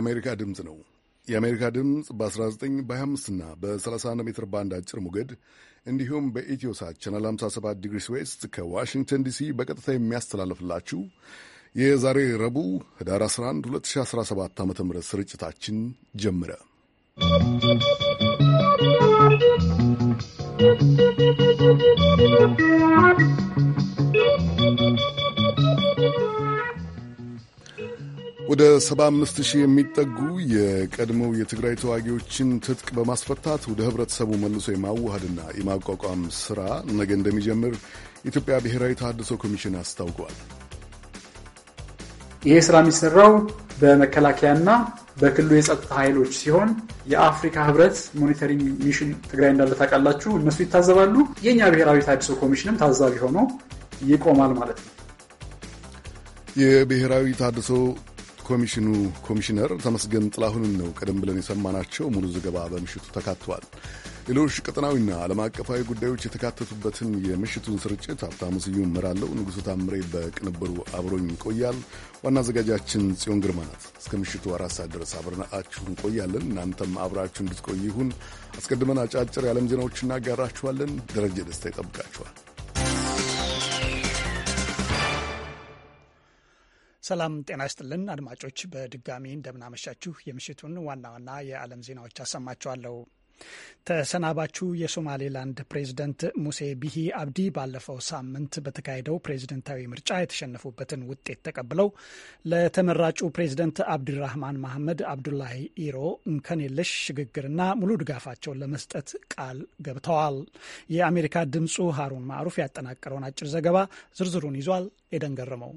የአሜሪካ ድምፅ ነው። የአሜሪካ ድምፅ በ19 25 እና በ31 ሜትር ባንድ አጭር ሞገድ እንዲሁም በኢትዮሳት ቻናል 57 ዲግሪስ ዌስት ከዋሽንግተን ዲሲ በቀጥታ የሚያስተላልፍላችሁ የዛሬ ረቡዕ ህዳር 11 2017 ዓ ም ስርጭታችን ጀመረ። ¶¶ ወደ 75 ሺህ የሚጠጉ የቀድሞው የትግራይ ተዋጊዎችን ትጥቅ በማስፈታት ወደ ህብረተሰቡ መልሶ የማዋሃድና የማቋቋም ስራ ነገ እንደሚጀምር የኢትዮጵያ ብሔራዊ ተሃድሶ ኮሚሽን አስታውቋል ይሄ ስራ የሚሰራው በመከላከያና በክልሉ የጸጥታ ኃይሎች ሲሆን የአፍሪካ ህብረት ሞኒተሪንግ ሚሽን ትግራይ እንዳለ ታውቃላችሁ። እነሱ ይታዘባሉ። የእኛ ብሔራዊ ተሃድሶ ኮሚሽንም ታዛቢ ሆኖ ይቆማል ማለት ነው። የብሔራዊ ተሃድሶ ኮሚሽኑ ኮሚሽነር ተመስገን ጥላሁንን ነው ቀደም ብለን የሰማናቸው። ሙሉ ዘገባ በምሽቱ ተካትቷል። ሌሎች ቀጠናዊና ዓለም አቀፋዊ ጉዳዮች የተካተቱበትን የምሽቱን ስርጭት ሀብታሙ ስዩም እመራለሁ። ንጉሡ ታምሬ በቅንብሩ አብሮኝ ይቆያል። ዋና አዘጋጃችን ጽዮን ግርማ ናት። እስከ ምሽቱ አራት ሰዓት ድረስ አብረናችሁ እንቆያለን። እናንተም አብራችሁ እንድትቆይ ይሁን። አስቀድመን አጫጭር የዓለም ዜናዎችን እናጋራችኋለን። ደረጀ ደስታ ይጠብቃችኋል። ሰላም ጤና ይስጥልን አድማጮች፣ በድጋሚ እንደምናመሻችሁ የምሽቱን ዋና ዋና የዓለም ዜናዎች አሰማችኋለሁ። ተሰናባቹ የሶማሌላንድ ፕሬዝደንት ሙሴ ቢሂ አብዲ ባለፈው ሳምንት በተካሄደው ፕሬዝደንታዊ ምርጫ የተሸነፉበትን ውጤት ተቀብለው ለተመራጩ ፕሬዝደንት አብድራህማን መሐመድ አብዱላሂ ኢሮ እንከን ሽግግርና ሙሉ ድጋፋቸውን ለመስጠት ቃል ገብተዋል። የአሜሪካ ድምጹ ሀሩን ማዕሩፍ ያጠናቀረውን አጭር ዘገባ ዝርዝሩን ይዟል። ኤደን ገረመው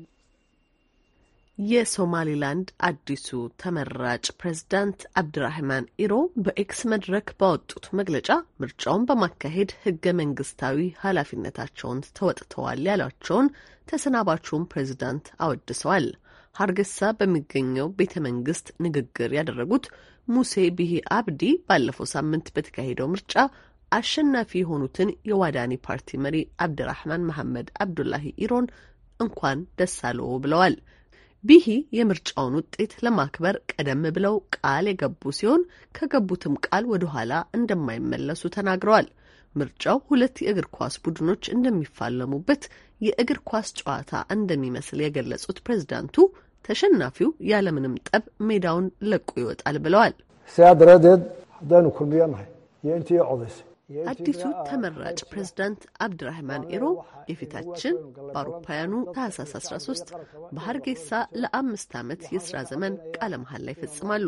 የሶማሊላንድ አዲሱ ተመራጭ ፕሬዝዳንት አብድራህማን ኢሮ በኤክስ መድረክ ባወጡት መግለጫ ምርጫውን በማካሄድ ህገ መንግስታዊ ኃላፊነታቸውን ተወጥተዋል ያሏቸውን ተሰናባቹን ፕሬዝዳንት አወድሰዋል። ሀርገሳ በሚገኘው ቤተ መንግስት ንግግር ያደረጉት ሙሴ ቢሂ አብዲ ባለፈው ሳምንት በተካሄደው ምርጫ አሸናፊ የሆኑትን የዋዳኒ ፓርቲ መሪ አብድራህማን መሐመድ አብዱላሂ ኢሮን እንኳን ደስ አለዎ ብለዋል። ቢሂ የምርጫውን ውጤት ለማክበር ቀደም ብለው ቃል የገቡ ሲሆን ከገቡትም ቃል ወደ ኋላ እንደማይመለሱ ተናግረዋል። ምርጫው ሁለት የእግር ኳስ ቡድኖች እንደሚፋለሙበት የእግር ኳስ ጨዋታ እንደሚመስል የገለጹት ፕሬዝዳንቱ ተሸናፊው ያለምንም ጠብ ሜዳውን ለቆ ይወጣል ብለዋል። አዲሱ ተመራጭ ፕሬዝዳንት አብድራህማን ኤሮ የፊታችን በአውሮፓውያኑ ታህሳስ 13 በሀርጌሳ ለአምስት ዓመት የስራ ዘመን ቃለ መሐላ ይፈጽማሉ።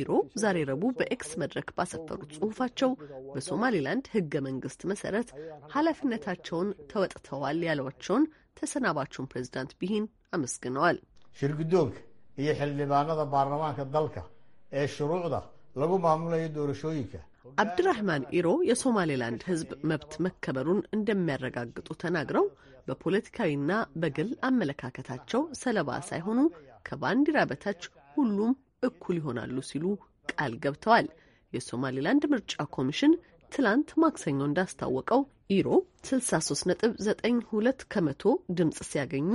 ኢሮ ዛሬ ረቡዕ በኤክስ መድረክ ባሰፈሩት ጽሁፋቸው በሶማሌላንድ ህገ መንግስት መሰረት ኃላፊነታቸውን ተወጥተዋል ያሏቸውን ተሰናባቸውን ፕሬዝዳንት ቢሂን አመስግነዋል። ሽርግዶግ iyo xildhibaanada baarlamaanka dalka ee shuruucda lagu አብድራህማን ኢሮ የሶማሌላንድ ህዝብ መብት መከበሩን እንደሚያረጋግጡ ተናግረው በፖለቲካዊና በግል አመለካከታቸው ሰለባ ሳይሆኑ ከባንዲራ በታች ሁሉም እኩል ይሆናሉ ሲሉ ቃል ገብተዋል። የሶማሌላንድ ምርጫ ኮሚሽን ትላንት ማክሰኞ እንዳስታወቀው ኢሮ 63.92 ከመቶ ድምፅ ሲያገኙ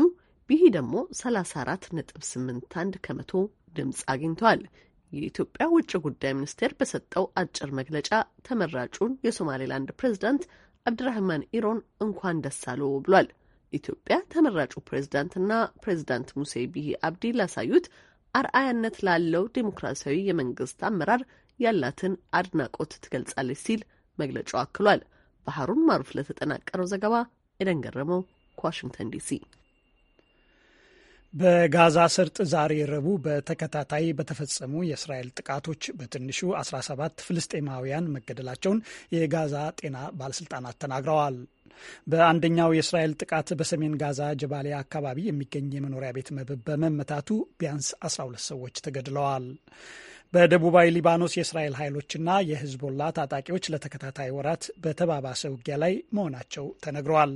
ቢሂ ደግሞ 34.81 ከመቶ ድምፅ አግኝተዋል። የኢትዮጵያ ውጭ ጉዳይ ሚኒስቴር በሰጠው አጭር መግለጫ ተመራጩን የሶማሌላንድ ፕሬዝዳንት አብድራህማን ኢሮን እንኳን ደስ አሉ ብሏል። ኢትዮጵያ ተመራጩ ፕሬዝዳንትና ፕሬዝዳንት ሙሴ ቢሂ አብዲ ላሳዩት አርአያነት ላለው ዴሞክራሲያዊ የመንግስት አመራር ያላትን አድናቆት ትገልጻለች ሲል መግለጫው አክሏል። ባህሩን ማሩፍ ለተጠናቀረው ዘገባ ኤደን ገረመው ከዋሽንግተን ዲሲ በጋዛ ሰርጥ ዛሬ ረቡዕ በተከታታይ በተፈጸሙ የእስራኤል ጥቃቶች በትንሹ 17 ፍልስጤማውያን መገደላቸውን የጋዛ ጤና ባለስልጣናት ተናግረዋል። በአንደኛው የእስራኤል ጥቃት በሰሜን ጋዛ ጀባሊያ አካባቢ የሚገኝ የመኖሪያ ቤት መብብ በመመታቱ ቢያንስ 12 ሰዎች ተገድለዋል። በደቡባዊ ሊባኖስ የእስራኤል ኃይሎችና የህዝቦላ ታጣቂዎች ለተከታታይ ወራት በተባባሰ ውጊያ ላይ መሆናቸው ተነግረዋል።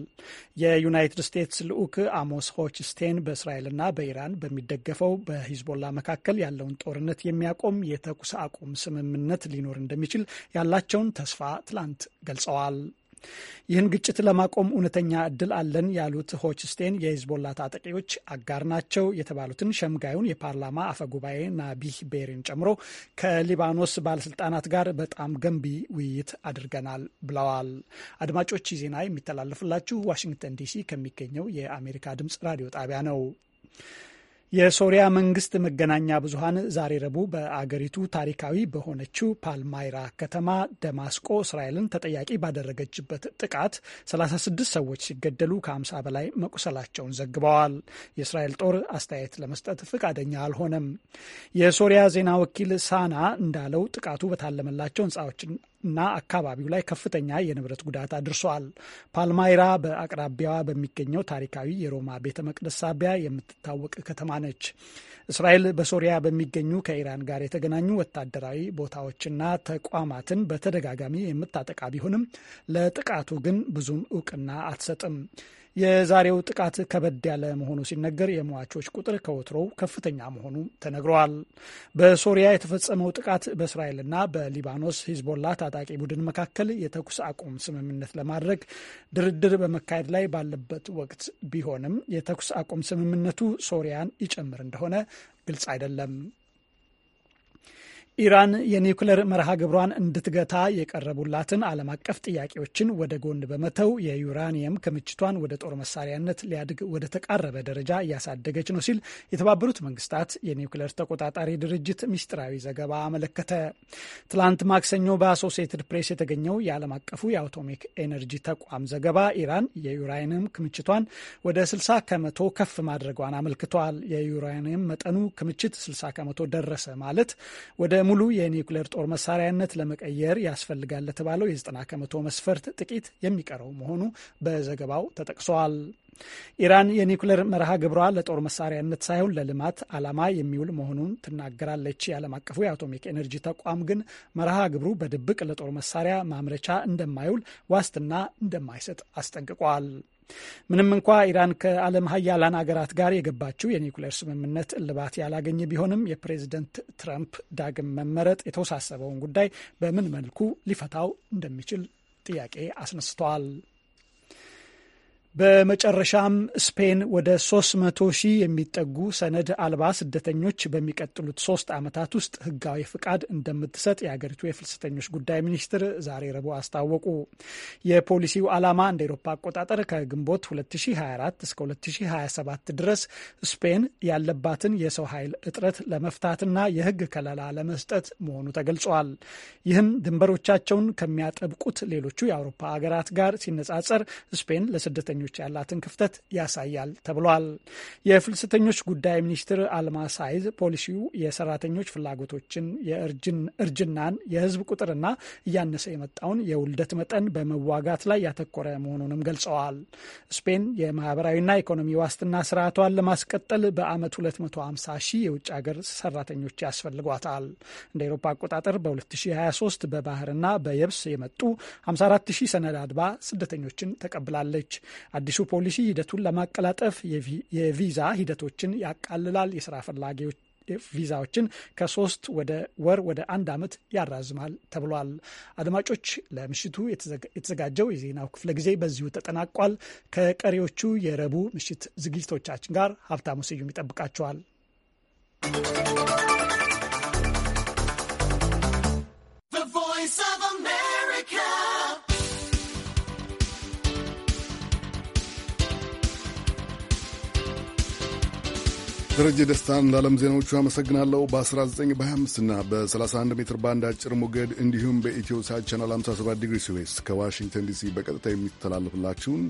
የዩናይትድ ስቴትስ ልዑክ አሞስ ሆችስቴን በእስራኤልና በኢራን በሚደገፈው በሂዝቦላ መካከል ያለውን ጦርነት የሚያቆም የተኩስ አቁም ስምምነት ሊኖር እንደሚችል ያላቸውን ተስፋ ትላንት ገልጸዋል። ይህን ግጭት ለማቆም እውነተኛ እድል አለን ያሉት ሆችስቴን የሂዝቦላ ታጠቂዎች አጋር ናቸው የተባሉትን ሸምጋዩን የፓርላማ ጉባኤ ናቢህ ቤሪን ጨምሮ ከሊባኖስ ባለስልጣናት ጋር በጣም ገንቢ ውይይት አድርገናል ብለዋል። አድማጮች ዜና የሚተላለፍላችሁ ዋሽንግተን ዲሲ ከሚገኘው የአሜሪካ ድምጽ ራዲዮ ጣቢያ ነው። የሶሪያ መንግስት መገናኛ ብዙሀን ዛሬ ረቡዕ በአገሪቱ ታሪካዊ በሆነችው ፓልማይራ ከተማ ደማስቆ እስራኤልን ተጠያቂ ባደረገችበት ጥቃት 36 ሰዎች ሲገደሉ ከ50 በላይ መቁሰላቸውን ዘግበዋል። የእስራኤል ጦር አስተያየት ለመስጠት ፍቃደኛ አልሆነም። የሶሪያ ዜና ወኪል ሳና እንዳለው ጥቃቱ በታለመላቸው ህንፃዎችን እና አካባቢው ላይ ከፍተኛ የንብረት ጉዳት አድርሷል። ፓልማይራ በአቅራቢያዋ በሚገኘው ታሪካዊ የሮማ ቤተ መቅደስ ሳቢያ የምትታወቅ ከተማ ነች። እስራኤል በሶሪያ በሚገኙ ከኢራን ጋር የተገናኙ ወታደራዊ ቦታዎችና ተቋማትን በተደጋጋሚ የምታጠቃ ቢሆንም ለጥቃቱ ግን ብዙም እውቅና አትሰጥም። የዛሬው ጥቃት ከበድ ያለ መሆኑ ሲነገር የሟቾች ቁጥር ከወትሮው ከፍተኛ መሆኑ ተነግረዋል። በሶሪያ የተፈጸመው ጥቃት በእስራኤልና በሊባኖስ ሂዝቦላ ታጣቂ ቡድን መካከል የተኩስ አቁም ስምምነት ለማድረግ ድርድር በመካሄድ ላይ ባለበት ወቅት ቢሆንም የተኩስ አቁም ስምምነቱ ሶሪያን ይጨምር እንደሆነ ግልጽ አይደለም። ኢራን የኒውክለር መርሃ ግብሯን እንድትገታ የቀረቡላትን ዓለም አቀፍ ጥያቄዎችን ወደ ጎን በመተው የዩራኒየም ክምችቷን ወደ ጦር መሳሪያነት ሊያድግ ወደ ተቃረበ ደረጃ እያሳደገች ነው ሲል የተባበሩት መንግስታት የኒውክለር ተቆጣጣሪ ድርጅት ሚስጥራዊ ዘገባ አመለከተ። ትላንት ማክሰኞ በአሶሲየትድ ፕሬስ የተገኘው የዓለም አቀፉ የአቶሚክ ኤነርጂ ተቋም ዘገባ ኢራን የዩራኒየም ክምችቷን ወደ 60 ከመቶ ከፍ ማድረጓን አመልክቷል። የዩራኒየም መጠኑ ክምችት 60 ከመቶ ደረሰ ማለት ወደ በሙሉ የኒውክሌር ጦር መሳሪያነት ለመቀየር ያስፈልጋል ለተባለው የ90 ከመቶ መስፈርት ጥቂት የሚቀረው መሆኑ በዘገባው ተጠቅሷል። ኢራን የኒውክሌር መርሃ ግብሯ ለጦር መሳሪያነት ሳይሆን ለልማት ዓላማ የሚውል መሆኑን ትናገራለች። የዓለም አቀፉ የአቶሚክ ኤነርጂ ተቋም ግን መርሃ ግብሩ በድብቅ ለጦር መሳሪያ ማምረቻ እንደማይውል ዋስትና እንደማይሰጥ አስጠንቅቋል። ምንም እንኳ ኢራን ከዓለም ሀያላን አገራት ጋር የገባችው የኒውክሌር ስምምነት እልባት ያላገኘ ቢሆንም የፕሬዝደንት ትራምፕ ዳግም መመረጥ የተወሳሰበውን ጉዳይ በምን መልኩ ሊፈታው እንደሚችል ጥያቄ አስነስተዋል። በመጨረሻም ስፔን ወደ 300 ሺህ የሚጠጉ ሰነድ አልባ ስደተኞች በሚቀጥሉት ሶስት ዓመታት ውስጥ ህጋዊ ፍቃድ እንደምትሰጥ የሀገሪቱ የፍልሰተኞች ጉዳይ ሚኒስትር ዛሬ ረቡዕ አስታወቁ። የፖሊሲው ዓላማ እንደ ኤሮፓ አቆጣጠር ከግንቦት 2024 እስከ 2027 ድረስ ስፔን ያለባትን የሰው ኃይል እጥረት ለመፍታትና የህግ ከለላ ለመስጠት መሆኑ ተገልጿል። ይህም ድንበሮቻቸውን ከሚያጠብቁት ሌሎቹ የአውሮፓ ሀገራት ጋር ሲነጻጸር ስፔን ለስደተኞች ስደተኞች ያላትን ክፍተት ያሳያል ተብሏል። የፍልሰተኞች ጉዳይ ሚኒስትር አልማሳይዝ ፖሊሲው የሰራተኞች ፍላጎቶችን፣ እርጅናን፣ የህዝብ ቁጥርና እያነሰ የመጣውን የውልደት መጠን በመዋጋት ላይ ያተኮረ መሆኑንም ገልጸዋል። ስፔን የማህበራዊና ኢኮኖሚ ዋስትና ስርዓቷን ለማስቀጠል በአመት 250 ሺህ የውጭ ሀገር ሰራተኞች ያስፈልጓታል። እንደ ኤሮፓ አቆጣጠር በ2023 በባህርና በየብስ የመጡ 54 ሺህ ሰነድ አልባ ስደተኞችን ተቀብላለች። አዲሱ ፖሊሲ ሂደቱን ለማቀላጠፍ የቪዛ ሂደቶችን ያቃልላል፣ የስራ ፈላጊዎች ቪዛዎችን ከሶስት ወደ ወር ወደ አንድ ዓመት ያራዝማል ተብሏል። አድማጮች፣ ለምሽቱ የተዘጋጀው የዜናው ክፍለ ጊዜ በዚሁ ተጠናቋል። ከቀሪዎቹ የረቡዕ ምሽት ዝግጅቶቻችን ጋር ሀብታሙ ስዩም ይጠብቃቸዋል። ደረጀ ደስታን ለዓለም ዜናዎቹ አመሰግናለሁ። በ19 በ25 እና በ31 ሜትር ባንድ አጭር ሞገድ እንዲሁም በኢትዮ ሳት ቻናል 57 ዲግሪ ስዌስት ከዋሽንግተን ዲሲ በቀጥታ የሚተላለፍላችሁን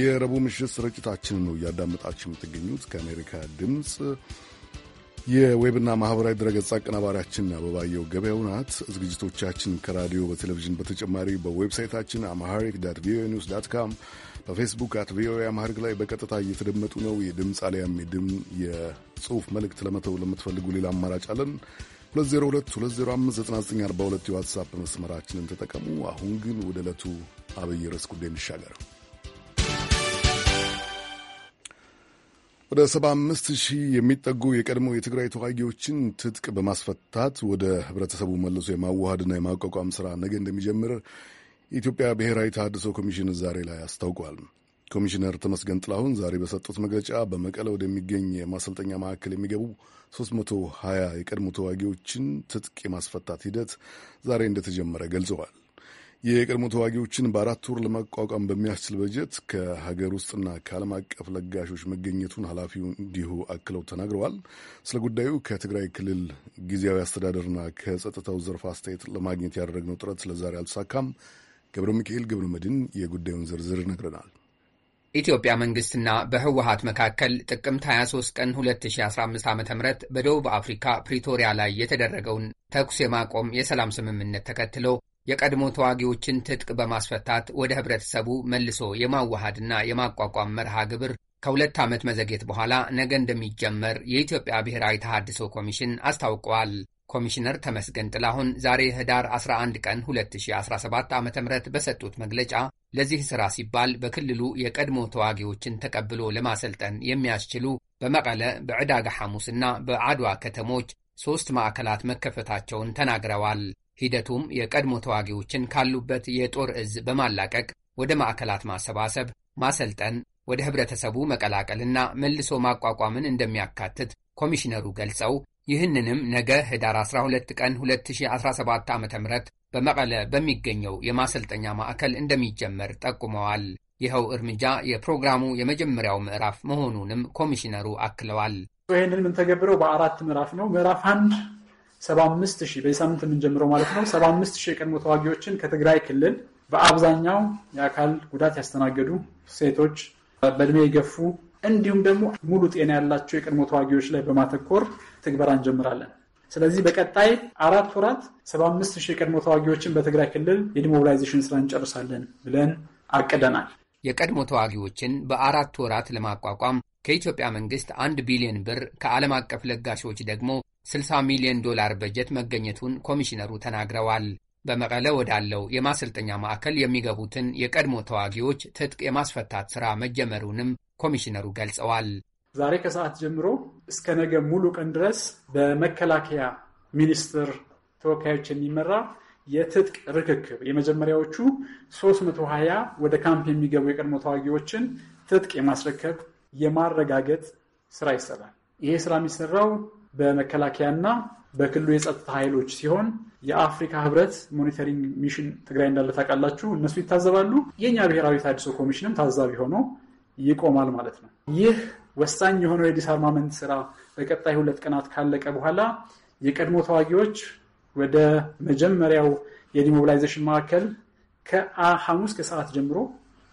የረቡዕ ምሽት ስርጭታችንን ነው እያዳመጣችሁ የምትገኙት። ከአሜሪካ ድምፅ የዌብና ማህበራዊ ድረገጽ አቀናባሪያችን አበባየው ገበያው ናት። ዝግጅቶቻችን ከራዲዮ በቴሌቪዥን በተጨማሪ በዌብሳይታችን አማሃሪክ ዳት ቪኦኤ ኒውስ ዳት ካም በፌስቡክ አት ቪኦኤ አማሪክ ላይ በቀጥታ እየተደመጡ ነው። የድምፅ አሊያም የድም የጽሁፍ መልእክት ለመተው ለምትፈልጉ ሌላ አማራጭ አለን። 2022059942 የዋትሳፕ መስመራችንን ተጠቀሙ። አሁን ግን ወደ ዕለቱ አብይ ርዕስ ጉዳይ እንሻገር። ወደ 75 ሺህ የሚጠጉ የቀድሞ የትግራይ ተዋጊዎችን ትጥቅ በማስፈታት ወደ ህብረተሰቡ መልሶ የማዋሃድና የማቋቋም ስራ ነገ እንደሚጀምር የኢትዮጵያ ብሔራዊ ተሃድሶ ኮሚሽን ዛሬ ላይ አስታውቋል። ኮሚሽነር ተመስገን ጥላሁን ዛሬ በሰጡት መግለጫ በመቀለ ወደሚገኝ የማሰልጠኛ ማዕከል የሚገቡ 320 የቀድሞ ተዋጊዎችን ትጥቅ የማስፈታት ሂደት ዛሬ እንደተጀመረ ገልጸዋል። የቀድሞ ተዋጊዎችን በአራት ወር ለማቋቋም በሚያስችል በጀት ከሀገር ውስጥና ከዓለም አቀፍ ለጋሾች መገኘቱን ኃላፊው እንዲሁ አክለው ተናግረዋል። ስለ ጉዳዩ ከትግራይ ክልል ጊዜያዊ አስተዳደርና ከጸጥታው ዘርፍ አስተያየት ለማግኘት ያደረግነው ጥረት ለዛሬ አልተሳካም። ገብረ ሚካኤል ገብረ መድን የጉዳዩን ዝርዝር ነግረናል። ኢትዮጵያ መንግስትና በህወሀት መካከል ጥቅምት 23 ቀን 2015 ዓ ም በደቡብ አፍሪካ ፕሪቶሪያ ላይ የተደረገውን ተኩስ የማቆም የሰላም ስምምነት ተከትሎ የቀድሞ ተዋጊዎችን ትጥቅ በማስፈታት ወደ ህብረተሰቡ መልሶ የማዋሃድና የማቋቋም መርሃ ግብር ከሁለት ዓመት መዘግየት በኋላ ነገ እንደሚጀመር የኢትዮጵያ ብሔራዊ ተሃድሶ ኮሚሽን አስታውቀዋል። ኮሚሽነር ተመስገን ጥላሁን ዛሬ ህዳር 11 ቀን 2017 ዓ ም በሰጡት መግለጫ ለዚህ ሥራ ሲባል በክልሉ የቀድሞ ተዋጊዎችን ተቀብሎ ለማሰልጠን የሚያስችሉ በመቀለ በዕዳጋ ሐሙስና በአድዋ ከተሞች ሦስት ማዕከላት መከፈታቸውን ተናግረዋል። ሂደቱም የቀድሞ ተዋጊዎችን ካሉበት የጦር እዝ በማላቀቅ ወደ ማዕከላት ማሰባሰብ፣ ማሰልጠን፣ ወደ ኅብረተሰቡ መቀላቀልና መልሶ ማቋቋምን እንደሚያካትት ኮሚሽነሩ ገልጸው ይህንንም ነገ ህዳር 12 ቀን 2017 ዓ ም በመቀለ በሚገኘው የማሰልጠኛ ማዕከል እንደሚጀመር ጠቁመዋል። ይኸው እርምጃ የፕሮግራሙ የመጀመሪያው ምዕራፍ መሆኑንም ኮሚሽነሩ አክለዋል። ይህንን የምንተገብረው በአራት ምዕራፍ ነው። ምዕራፍ አንድ 75 ሺህ በዚህ ሳምንት የምንጀምረው ማለት ነው። 75 ሺህ የቀድሞ ተዋጊዎችን ከትግራይ ክልል በአብዛኛው የአካል ጉዳት ያስተናገዱ ሴቶች፣ በእድሜ የገፉ እንዲሁም ደግሞ ሙሉ ጤና ያላቸው የቀድሞ ተዋጊዎች ላይ በማተኮር ትግበራ እንጀምራለን። ስለዚህ በቀጣይ አራት ወራት ሰባ አምስት ሺህ የቀድሞ ተዋጊዎችን በትግራይ ክልል የዲሞቢላይዜሽን ስራ እንጨርሳለን ብለን አቅደናል። የቀድሞ ተዋጊዎችን በአራት ወራት ለማቋቋም ከኢትዮጵያ መንግስት አንድ ቢሊዮን ብር ከዓለም አቀፍ ለጋሾች ደግሞ 60 ሚሊዮን ዶላር በጀት መገኘቱን ኮሚሽነሩ ተናግረዋል። በመቀለ ወዳለው የማሰልጠኛ ማዕከል የሚገቡትን የቀድሞ ተዋጊዎች ትጥቅ የማስፈታት ሥራ መጀመሩንም ኮሚሽነሩ ገልጸዋል። ዛሬ ከሰዓት ጀምሮ እስከ ነገ ሙሉ ቀን ድረስ በመከላከያ ሚኒስቴር ተወካዮች የሚመራ የትጥቅ ርክክብ የመጀመሪያዎቹ 320 ወደ ካምፕ የሚገቡ የቀድሞ ተዋጊዎችን ትጥቅ የማስረከብ የማረጋገጥ ስራ ይሰራል። ይሄ ስራ የሚሰራው በመከላከያና በክልሉ የጸጥታ ኃይሎች ሲሆን የአፍሪካ ህብረት ሞኒተሪንግ ሚሽን ትግራይ እንዳለ ታውቃላችሁ፣ እነሱ ይታዘባሉ። የእኛ ብሔራዊ ታድሶ ኮሚሽንም ታዛቢ ሆኖ ይቆማል ማለት ነው። ይህ ወሳኝ የሆነው የዲስአርማመንት ስራ በቀጣይ ሁለት ቀናት ካለቀ በኋላ የቀድሞ ተዋጊዎች ወደ መጀመሪያው የዲሞቢላይዜሽን ማዕከል ከሐሙስ ከሰዓት ጀምሮ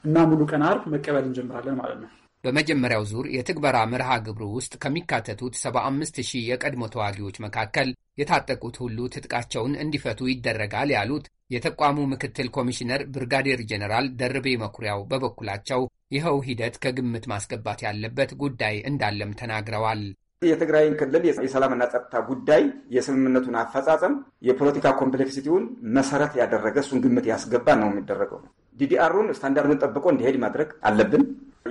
እና ሙሉ ቀን አርብ መቀበል እንጀምራለን ማለት ነው። በመጀመሪያው ዙር የትግበራ መርሃ ግብሩ ውስጥ ከሚካተቱት 75 ሺህ የቀድሞ ተዋጊዎች መካከል የታጠቁት ሁሉ ትጥቃቸውን እንዲፈቱ ይደረጋል ያሉት የተቋሙ ምክትል ኮሚሽነር ብርጋዴር ጀኔራል ደርቤ መኩሪያው በበኩላቸው ይኸው ሂደት ከግምት ማስገባት ያለበት ጉዳይ እንዳለም ተናግረዋል። የትግራይን ክልል የሰላምና ጸጥታ ጉዳይ የስምምነቱን አፈጻጸም የፖለቲካ ኮምፕሌክሲቲውን መሰረት ያደረገ እሱን ግምት ያስገባ ነው የሚደረገው። ዲዲአሩን ስታንዳርዱን ጠብቆ እንዲሄድ ማድረግ አለብን።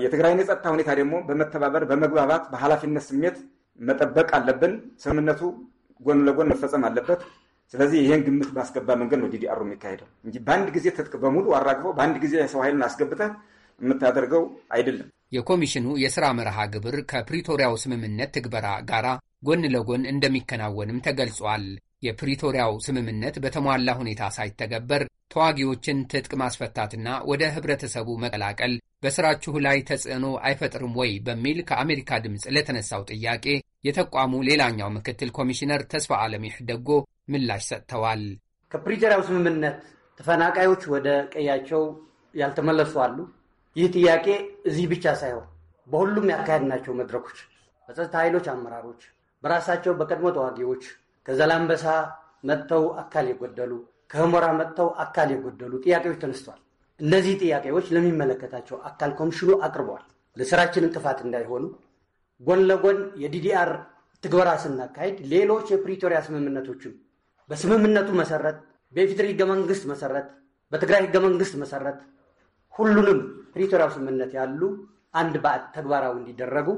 የትግራይን የጸጥታ ሁኔታ ደግሞ በመተባበር በመግባባት በኃላፊነት ስሜት መጠበቅ አለብን። ስምምነቱ ጎን ለጎን መፈጸም አለበት። ስለዚህ ይህን ግምት ባስገባ መንገድ ነው ዲዲአሩ የሚካሄደው እንጂ በአንድ ጊዜ ትጥቅ በሙሉ አራግፈው በአንድ ጊዜ የሰው ኃይልን አስገብተህ የምታደርገው አይደለም። የኮሚሽኑ የሥራ መርሃ ግብር ከፕሪቶሪያው ስምምነት ትግበራ ጋራ ጎን ለጎን እንደሚከናወንም ተገልጿል። የፕሪቶሪያው ስምምነት በተሟላ ሁኔታ ሳይተገበር ተዋጊዎችን ትጥቅ ማስፈታትና ወደ ህብረተሰቡ መቀላቀል በስራችሁ ላይ ተጽዕኖ አይፈጥርም ወይ በሚል ከአሜሪካ ድምፅ ለተነሳው ጥያቄ የተቋሙ ሌላኛው ምክትል ኮሚሽነር ተስፋ አለሚህ ደጎ ምላሽ ሰጥተዋል። ከፕሪቶሪያው ስምምነት ተፈናቃዮች ወደ ቀያቸው ያልተመለሱ አሉ። ይህ ጥያቄ እዚህ ብቻ ሳይሆን በሁሉም ያካሄድናቸው መድረኮች በጸጥታ ኃይሎች አመራሮች፣ በራሳቸው በቀድሞ ተዋጊዎች ከዘላንበሳ መጥተው አካል የጎደሉ ከህሞራ መጥተው አካል የጎደሉ ጥያቄዎች ተነስተዋል። እነዚህ ጥያቄዎች ለሚመለከታቸው አካል ኮሚሽኑ አቅርበዋል። ለስራችን እንቅፋት እንዳይሆኑ ጎን ለጎን የዲዲአር ትግበራ ስናካሄድ ሌሎች የፕሪቶሪያ ስምምነቶችም በስምምነቱ መሰረት በኢፌዴሪ ህገ መንግስት መሰረት በትግራይ ህገ መንግስት መሰረት ሁሉንም ፕሪቶሪያው ስምምነት ያሉ አንድ በአንድ ተግባራዊ እንዲደረጉ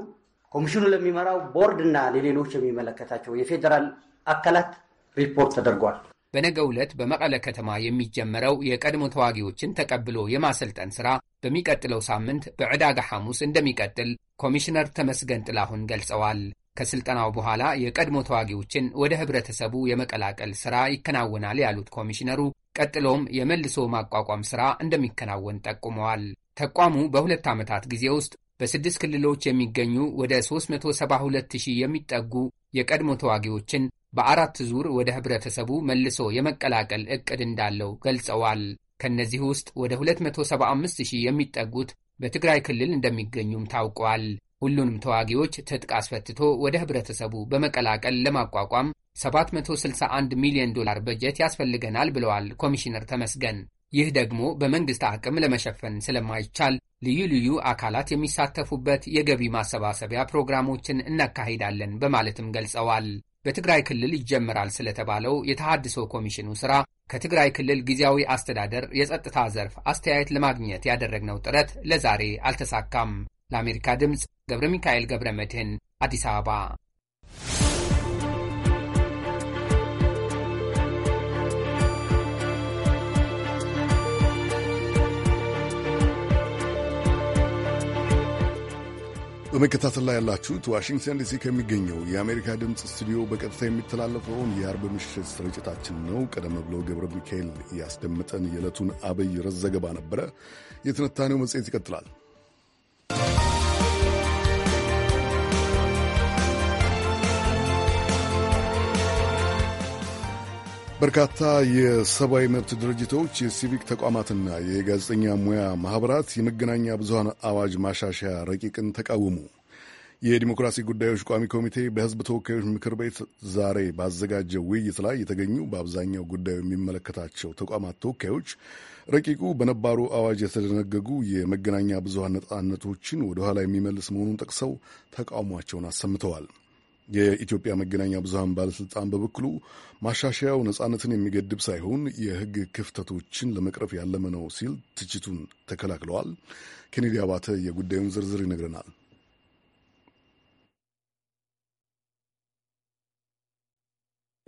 ኮሚሽኑ ለሚመራው ቦርድ እና ለሌሎች የሚመለከታቸው የፌዴራል አካላት ሪፖርት ተደርጓል። በነገ ዕለት በመቀለ ከተማ የሚጀመረው የቀድሞ ተዋጊዎችን ተቀብሎ የማሰልጠን ሥራ በሚቀጥለው ሳምንት በዕዳጋ ሐሙስ እንደሚቀጥል ኮሚሽነር ተመስገን ጥላሁን ገልጸዋል። ከስልጠናው በኋላ የቀድሞ ተዋጊዎችን ወደ ህብረተሰቡ የመቀላቀል ስራ ይከናወናል ያሉት ኮሚሽነሩ ቀጥሎም የመልሶ ማቋቋም ስራ እንደሚከናወን ጠቁመዋል። ተቋሙ በሁለት ዓመታት ጊዜ ውስጥ በስድስት ክልሎች የሚገኙ ወደ 372 ሺህ የሚጠጉ የቀድሞ ተዋጊዎችን በአራት ዙር ወደ ህብረተሰቡ መልሶ የመቀላቀል ዕቅድ እንዳለው ገልጸዋል። ከእነዚህ ውስጥ ወደ 275 ሺህ የሚጠጉት በትግራይ ክልል እንደሚገኙም ታውቋል። ሁሉንም ተዋጊዎች ትጥቅ አስፈትቶ ወደ ህብረተሰቡ በመቀላቀል ለማቋቋም 761 ሚሊዮን ዶላር በጀት ያስፈልገናል ብለዋል ኮሚሽነር ተመስገን። ይህ ደግሞ በመንግሥት አቅም ለመሸፈን ስለማይቻል ልዩ ልዩ አካላት የሚሳተፉበት የገቢ ማሰባሰቢያ ፕሮግራሞችን እናካሂዳለን በማለትም ገልጸዋል። በትግራይ ክልል ይጀምራል ስለተባለው የተሃድሶ ኮሚሽኑ ሥራ ከትግራይ ክልል ጊዜያዊ አስተዳደር የጸጥታ ዘርፍ አስተያየት ለማግኘት ያደረግነው ጥረት ለዛሬ አልተሳካም። ለአሜሪካ ድምፅ ገብረ ሚካኤል ገብረ መድህን አዲስ አበባ። በመከታተል ላይ ያላችሁት ዋሽንግተን ዲሲ ከሚገኘው የአሜሪካ ድምፅ ስቱዲዮ በቀጥታ የሚተላለፈውን የአርብ ምሽት ስርጭታችን ነው። ቀደም ብሎ ገብረ ሚካኤል ያስደመጠን የዕለቱን አብይ ርዕስ ዘገባ ነበረ። የትንታኔው መጽሔት ይቀጥላል። በርካታ የሰብአዊ መብት ድርጅቶች የሲቪክ ተቋማትና የጋዜጠኛ ሙያ ማኅበራት የመገናኛ ብዙሃን አዋጅ ማሻሻያ ረቂቅን ተቃወሙ። የዲሞክራሲ ጉዳዮች ቋሚ ኮሚቴ በህዝብ ተወካዮች ምክር ቤት ዛሬ ባዘጋጀው ውይይት ላይ የተገኙ በአብዛኛው ጉዳዩ የሚመለከታቸው ተቋማት ተወካዮች ረቂቁ በነባሩ አዋጅ የተደነገጉ የመገናኛ ብዙሀን ነጻነቶችን ወደኋላ የሚመልስ መሆኑን ጠቅሰው ተቃውሟቸውን አሰምተዋል። የኢትዮጵያ መገናኛ ብዙሀን ባለስልጣን በበኩሉ ማሻሻያው ነጻነትን የሚገድብ ሳይሆን የህግ ክፍተቶችን ለመቅረፍ ያለመ ነው ሲል ትችቱን ተከላክለዋል። ኬኔዲ አባተ የጉዳዩን ዝርዝር ይነግረናል።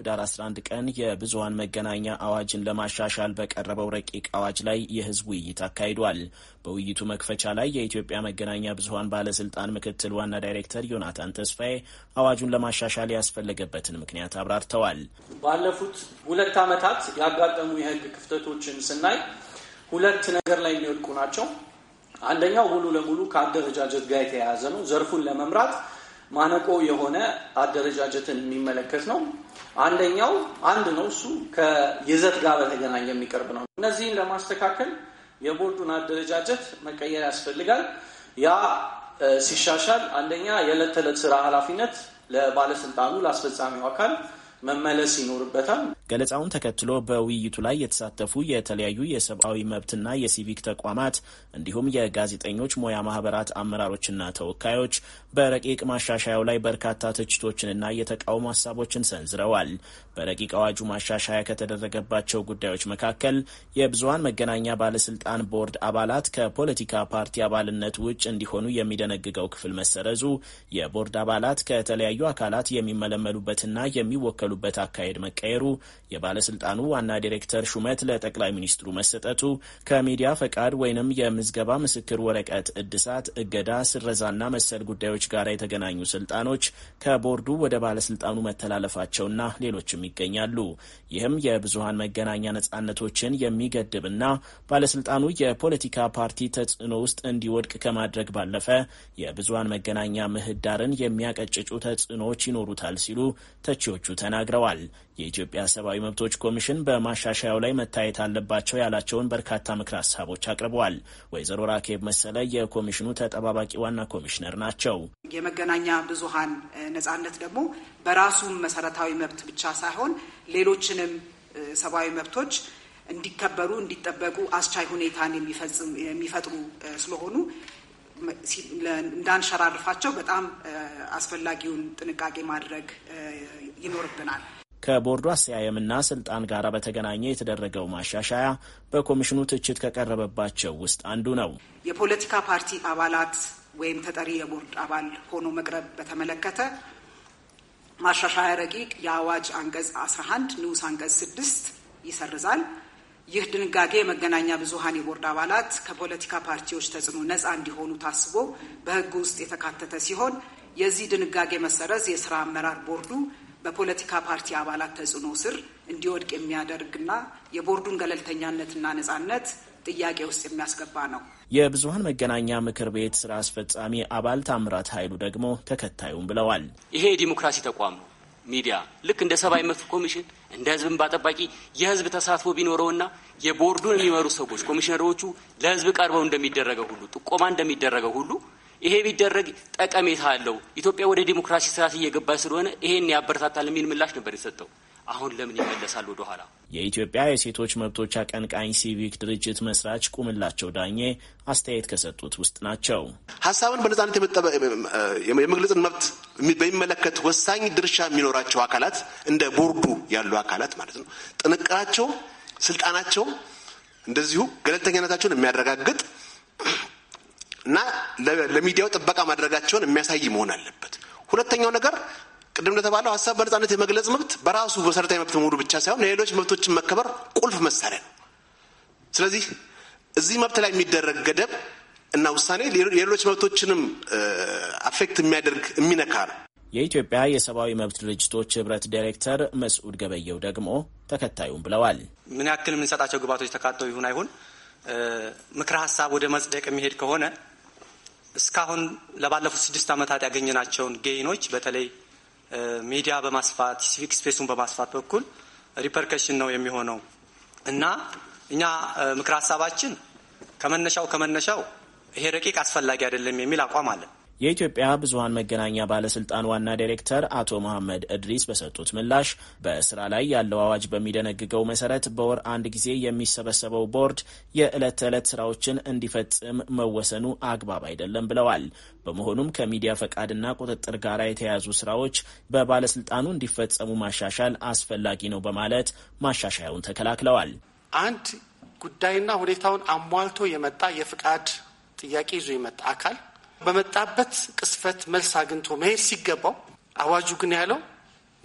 ህዳር 11 ቀን የብዙሀን መገናኛ አዋጅን ለማሻሻል በቀረበው ረቂቅ አዋጅ ላይ የህዝብ ውይይት አካሂዷል። በውይይቱ መክፈቻ ላይ የኢትዮጵያ መገናኛ ብዙሀን ባለስልጣን ምክትል ዋና ዳይሬክተር ዮናታን ተስፋዬ አዋጁን ለማሻሻል ያስፈለገበትን ምክንያት አብራርተዋል። ባለፉት ሁለት ዓመታት ያጋጠሙ የህግ ክፍተቶችን ስናይ ሁለት ነገር ላይ የሚወድቁ ናቸው። አንደኛው ሙሉ ለሙሉ ከአደረጃጀት ጋር የተያያዘ ነው። ዘርፉን ለመምራት ማነቆ የሆነ አደረጃጀትን የሚመለከት ነው። አንደኛው አንድ ነው። እሱ ከይዘት ጋር በተገናኘ የሚቀርብ ነው። እነዚህን ለማስተካከል የቦርዱን አደረጃጀት መቀየር ያስፈልጋል። ያ ሲሻሻል አንደኛ የዕለት ተዕለት ስራ ኃላፊነት ለባለስልጣኑ ለአስፈጻሚው አካል መመለስ ይኖርበታል። ገለጻውን ተከትሎ በውይይቱ ላይ የተሳተፉ የተለያዩ የሰብአዊ መብትና የሲቪክ ተቋማት እንዲሁም የጋዜጠኞች ሙያ ማህበራት አመራሮችና ተወካዮች በረቂቅ ማሻሻያው ላይ በርካታ ትችቶችንና የተቃውሞ ሀሳቦችን ሰንዝረዋል። በረቂቅ አዋጁ ማሻሻያ ከተደረገባቸው ጉዳዮች መካከል የብዙሀን መገናኛ ባለስልጣን ቦርድ አባላት ከፖለቲካ ፓርቲ አባልነት ውጭ እንዲሆኑ የሚደነግገው ክፍል መሰረዙ፣ የቦርድ አባላት ከተለያዩ አካላት የሚመለመሉበትና የሚወከሉ ያሉበት አካሄድ መቀየሩ፣ የባለስልጣኑ ዋና ዲሬክተር ሹመት ለጠቅላይ ሚኒስትሩ መሰጠቱ፣ ከሚዲያ ፈቃድ ወይንም የምዝገባ ምስክር ወረቀት እድሳት፣ እገዳ፣ ስረዛና መሰል ጉዳዮች ጋር የተገናኙ ስልጣኖች ከቦርዱ ወደ ባለስልጣኑ መተላለፋቸውና ሌሎችም ይገኛሉ። ይህም የብዙሀን መገናኛ ነጻነቶችን የሚገድብና ባለስልጣኑ የፖለቲካ ፓርቲ ተጽዕኖ ውስጥ እንዲወድቅ ከማድረግ ባለፈ የብዙሀን መገናኛ ምህዳርን የሚያቀጭጩ ተጽዕኖዎች ይኖሩታል ሲሉ ተቺዎቹ ተናግረዋል። ተናግረዋል። የኢትዮጵያ ሰብአዊ መብቶች ኮሚሽን በማሻሻያው ላይ መታየት አለባቸው ያላቸውን በርካታ ምክር ሀሳቦች አቅርበዋል። ወይዘሮ ራኬብ መሰለ የኮሚሽኑ ተጠባባቂ ዋና ኮሚሽነር ናቸው። የመገናኛ ብዙሃን ነጻነት ደግሞ በራሱ መሰረታዊ መብት ብቻ ሳይሆን ሌሎችንም ሰብአዊ መብቶች እንዲከበሩ እንዲጠበቁ አስቻይ ሁኔታን የሚፈጥሩ ስለሆኑ እንዳንሸራርፋቸው በጣም አስፈላጊውን ጥንቃቄ ማድረግ ይኖርብናል። ከቦርዱ አሰያየምና ስልጣን ጋር በተገናኘ የተደረገው ማሻሻያ በኮሚሽኑ ትችት ከቀረበባቸው ውስጥ አንዱ ነው። የፖለቲካ ፓርቲ አባላት ወይም ተጠሪ የቦርድ አባል ሆኖ መቅረብ በተመለከተ ማሻሻያ ረቂቅ የአዋጅ አንቀጽ 11 ንዑስ አንቀጽ 6 ይሰርዛል። ይህ ድንጋጌ የመገናኛ ብዙሃን የቦርድ አባላት ከፖለቲካ ፓርቲዎች ተጽዕኖ ነፃ እንዲሆኑ ታስቦ በሕግ ውስጥ የተካተተ ሲሆን የዚህ ድንጋጌ መሰረዝ የስራ አመራር ቦርዱ በፖለቲካ ፓርቲ አባላት ተጽዕኖ ስር እንዲወድቅ የሚያደርግና የቦርዱን ገለልተኛነትና ነጻነት ጥያቄ ውስጥ የሚያስገባ ነው። የብዙሀን መገናኛ ምክር ቤት ስራ አስፈጻሚ አባል ታምራት ኃይሉ ደግሞ ተከታዩም ብለዋል። ይሄ የዲሞክራሲ ተቋም ነው። ሚዲያ ልክ እንደ ሰብአዊ መብት ኮሚሽን እንደ ህዝብ እንባ የህዝብ ተሳትፎ ቢኖረውና የቦርዱን የሚመሩ ሰዎች ኮሚሽነሮቹ ለህዝብ ቀርበው እንደሚደረገው ሁሉ ጥቆማ እንደሚደረገው ሁሉ ይሄ ቢደረግ ጠቀሜታ አለው፣ ኢትዮጵያ ወደ ዲሞክራሲ ስርዓት እየገባ ስለሆነ ይሄን ያበረታታል የሚል ምላሽ ነበር የሰጠው። አሁን ለምን ይመለሳል ወደ ኋላ? የኢትዮጵያ የሴቶች መብቶች አቀንቃኝ ሲቪክ ድርጅት መስራች ቁምላቸው ዳኜ አስተያየት ከሰጡት ውስጥ ናቸው። ሀሳብን በነጻነት የመግለጽን መብት በሚመለከት ወሳኝ ድርሻ የሚኖራቸው አካላት እንደ ቦርዱ ያሉ አካላት ማለት ነው ጥንቅራቸው፣ ስልጣናቸው እንደዚሁ ገለልተኛነታቸውን የሚያረጋግጥ እና ለሚዲያው ጥበቃ ማድረጋቸውን የሚያሳይ መሆን አለበት። ሁለተኛው ነገር ቅድም እንደተባለው ሀሳብ በነጻነት የመግለጽ መብት በራሱ መሰረታዊ መብት መሆኑ ብቻ ሳይሆን ለሌሎች መብቶችን መከበር ቁልፍ መሳሪያ ነው። ስለዚህ እዚህ መብት ላይ የሚደረግ ገደብ እና ውሳኔ የሌሎች መብቶችንም አፌክት የሚያደርግ የሚነካ ነው። የኢትዮጵያ የሰብአዊ መብት ድርጅቶች ህብረት ዳይሬክተር መስዑድ ገበየው ደግሞ ተከታዩም ብለዋል። ምን ያክል የምንሰጣቸው ግባቶች ተካተው ይሁን አይሁን ምክረ ሀሳብ ወደ መጽደቅ የሚሄድ ከሆነ እስካሁን ለባለፉት ስድስት ዓመታት ያገኘናቸውን ጌይኖች በተለይ ሚዲያ በማስፋት ሲቪክ ስፔሱን በማስፋት በኩል ሪፐርከሽን ነው የሚሆነው እና እኛ ምክረ ሀሳባችን ከመነሻው ከመነሻው ይሄ ረቂቅ አስፈላጊ አይደለም የሚል አቋም አለን። የኢትዮጵያ ብዙሀን መገናኛ ባለስልጣን ዋና ዳይሬክተር አቶ መሐመድ እድሪስ በሰጡት ምላሽ በስራ ላይ ያለው አዋጅ በሚደነግገው መሰረት በወር አንድ ጊዜ የሚሰበሰበው ቦርድ የዕለት ተዕለት ስራዎችን እንዲፈጽም መወሰኑ አግባብ አይደለም ብለዋል። በመሆኑም ከሚዲያ ፈቃድና ቁጥጥር ጋር የተያያዙ ስራዎች በባለስልጣኑ እንዲፈጸሙ ማሻሻል አስፈላጊ ነው በማለት ማሻሻያውን ተከላክለዋል። አንድ ጉዳይና ሁኔታውን አሟልቶ የመጣ የፍቃድ ጥያቄ ይዞ የመጣ አካል በመጣበት ቅስፈት መልስ አግኝቶ መሄድ ሲገባው አዋጁ ግን ያለው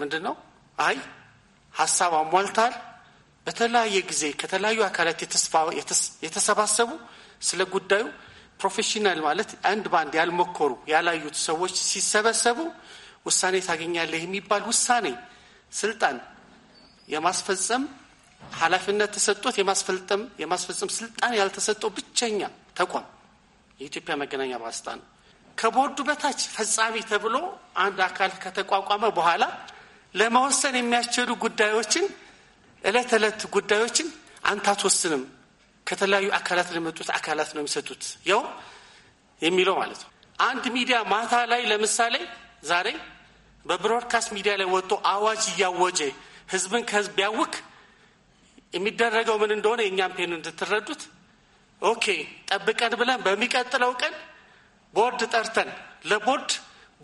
ምንድን ነው? አይ ሀሳብ አሟልታል። በተለያየ ጊዜ ከተለያዩ አካላት የተሰባሰቡ ስለ ጉዳዩ ፕሮፌሽናል ማለት አንድ ባንድ ያልሞከሩ ያላዩት ሰዎች ሲሰበሰቡ ውሳኔ ታገኛለህ የሚባል ውሳኔ ስልጣን የማስፈጸም ኃላፊነት ተሰጥቶት የማስፈጸም ስልጣን ያልተሰጠው ብቸኛ ተቋም የኢትዮጵያ መገናኛ ባለስልጣን ከቦርዱ በታች ፈጻሚ ተብሎ አንድ አካል ከተቋቋመ በኋላ ለመወሰን የሚያስችሉ ጉዳዮችን እለት እለት ጉዳዮችን አንተ አትወስንም ከተለያዩ አካላት ለመጡት አካላት ነው የሚሰጡት ያው የሚለው ማለት ነው። አንድ ሚዲያ ማታ ላይ ለምሳሌ ዛሬ በብሮድካስት ሚዲያ ላይ ወጥቶ አዋጅ እያወጀ ህዝብን ከህዝብ ቢያውክ የሚደረገው ምን እንደሆነ የእኛም ፔን እንድትረዱት ኦኬ ጠብቀን ብለን በሚቀጥለው ቀን ቦርድ ጠርተን ለቦርድ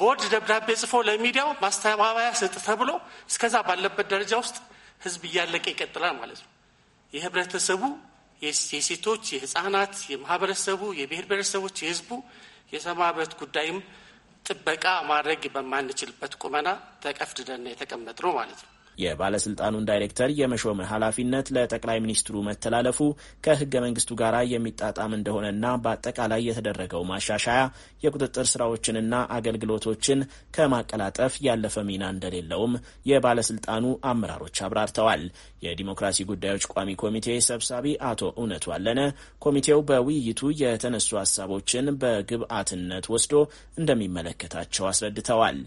ቦርድ ደብዳቤ ጽፎ ለሚዲያው ማስተባበያ ስጥ ተብሎ እስከዛ ባለበት ደረጃ ውስጥ ህዝብ እያለቀ ይቀጥላል ማለት ነው። የህብረተሰቡ የሴቶች፣ የህፃናት፣ የማህበረሰቡ፣ የብሔር ብሔረሰቦች፣ የህዝቡ የሰማበት ጉዳይም ጥበቃ ማድረግ በማንችልበት ቁመና ተቀፍድደና የተቀመጥ ነው ማለት ነው። የባለስልጣኑን ዳይሬክተር የመሾም ኃላፊነት ለጠቅላይ ሚኒስትሩ መተላለፉ ከህገ መንግስቱ ጋር የሚጣጣም እንደሆነና በአጠቃላይ የተደረገው ማሻሻያ የቁጥጥር ስራዎችንና አገልግሎቶችን ከማቀላጠፍ ያለፈ ሚና እንደሌለውም የባለስልጣኑ አመራሮች አብራርተዋል። የዲሞክራሲ ጉዳዮች ቋሚ ኮሚቴ ሰብሳቢ አቶ እውነቱ አለነ ኮሚቴው በውይይቱ የተነሱ ሀሳቦችን በግብአትነት ወስዶ እንደሚመለከታቸው አስረድተዋል።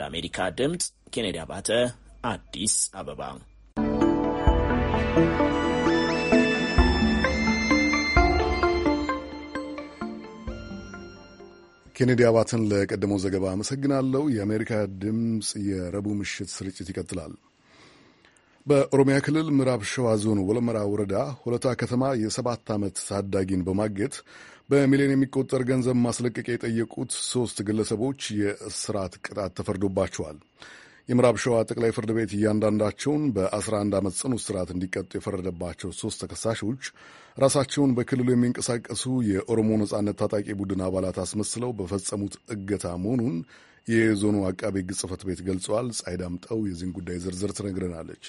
ለአሜሪካ ድምፅ ኬኔዲ አባተ አዲስ አበባ። ኬኔዲ አባትን ለቀደመው ዘገባ አመሰግናለሁ። የአሜሪካ ድምፅ የረቡዕ ምሽት ስርጭት ይቀጥላል። በኦሮሚያ ክልል ምዕራብ ሸዋ ዞን ወለመራ ወረዳ ሆለታ ከተማ የሰባት ዓመት ታዳጊን በማገት በሚሊዮን የሚቆጠር ገንዘብ ማስለቀቂያ የጠየቁት ሦስት ግለሰቦች የእስራት ቅጣት ተፈርዶባቸዋል። የምዕራብ ሸዋ ጠቅላይ ፍርድ ቤት እያንዳንዳቸውን በ11 ዓመት ጽኑ እስራት እንዲቀጡ የፈረደባቸው ሶስት ተከሳሾች ራሳቸውን በክልሉ የሚንቀሳቀሱ የኦሮሞ ነጻነት ታጣቂ ቡድን አባላት አስመስለው በፈጸሙት እገታ መሆኑን የዞኑ አቃቤ ሕግ ጽሕፈት ቤት ገልጿል። ጸሐይ ዳምጠው የዚህን ጉዳይ ዝርዝር ትነግረናለች።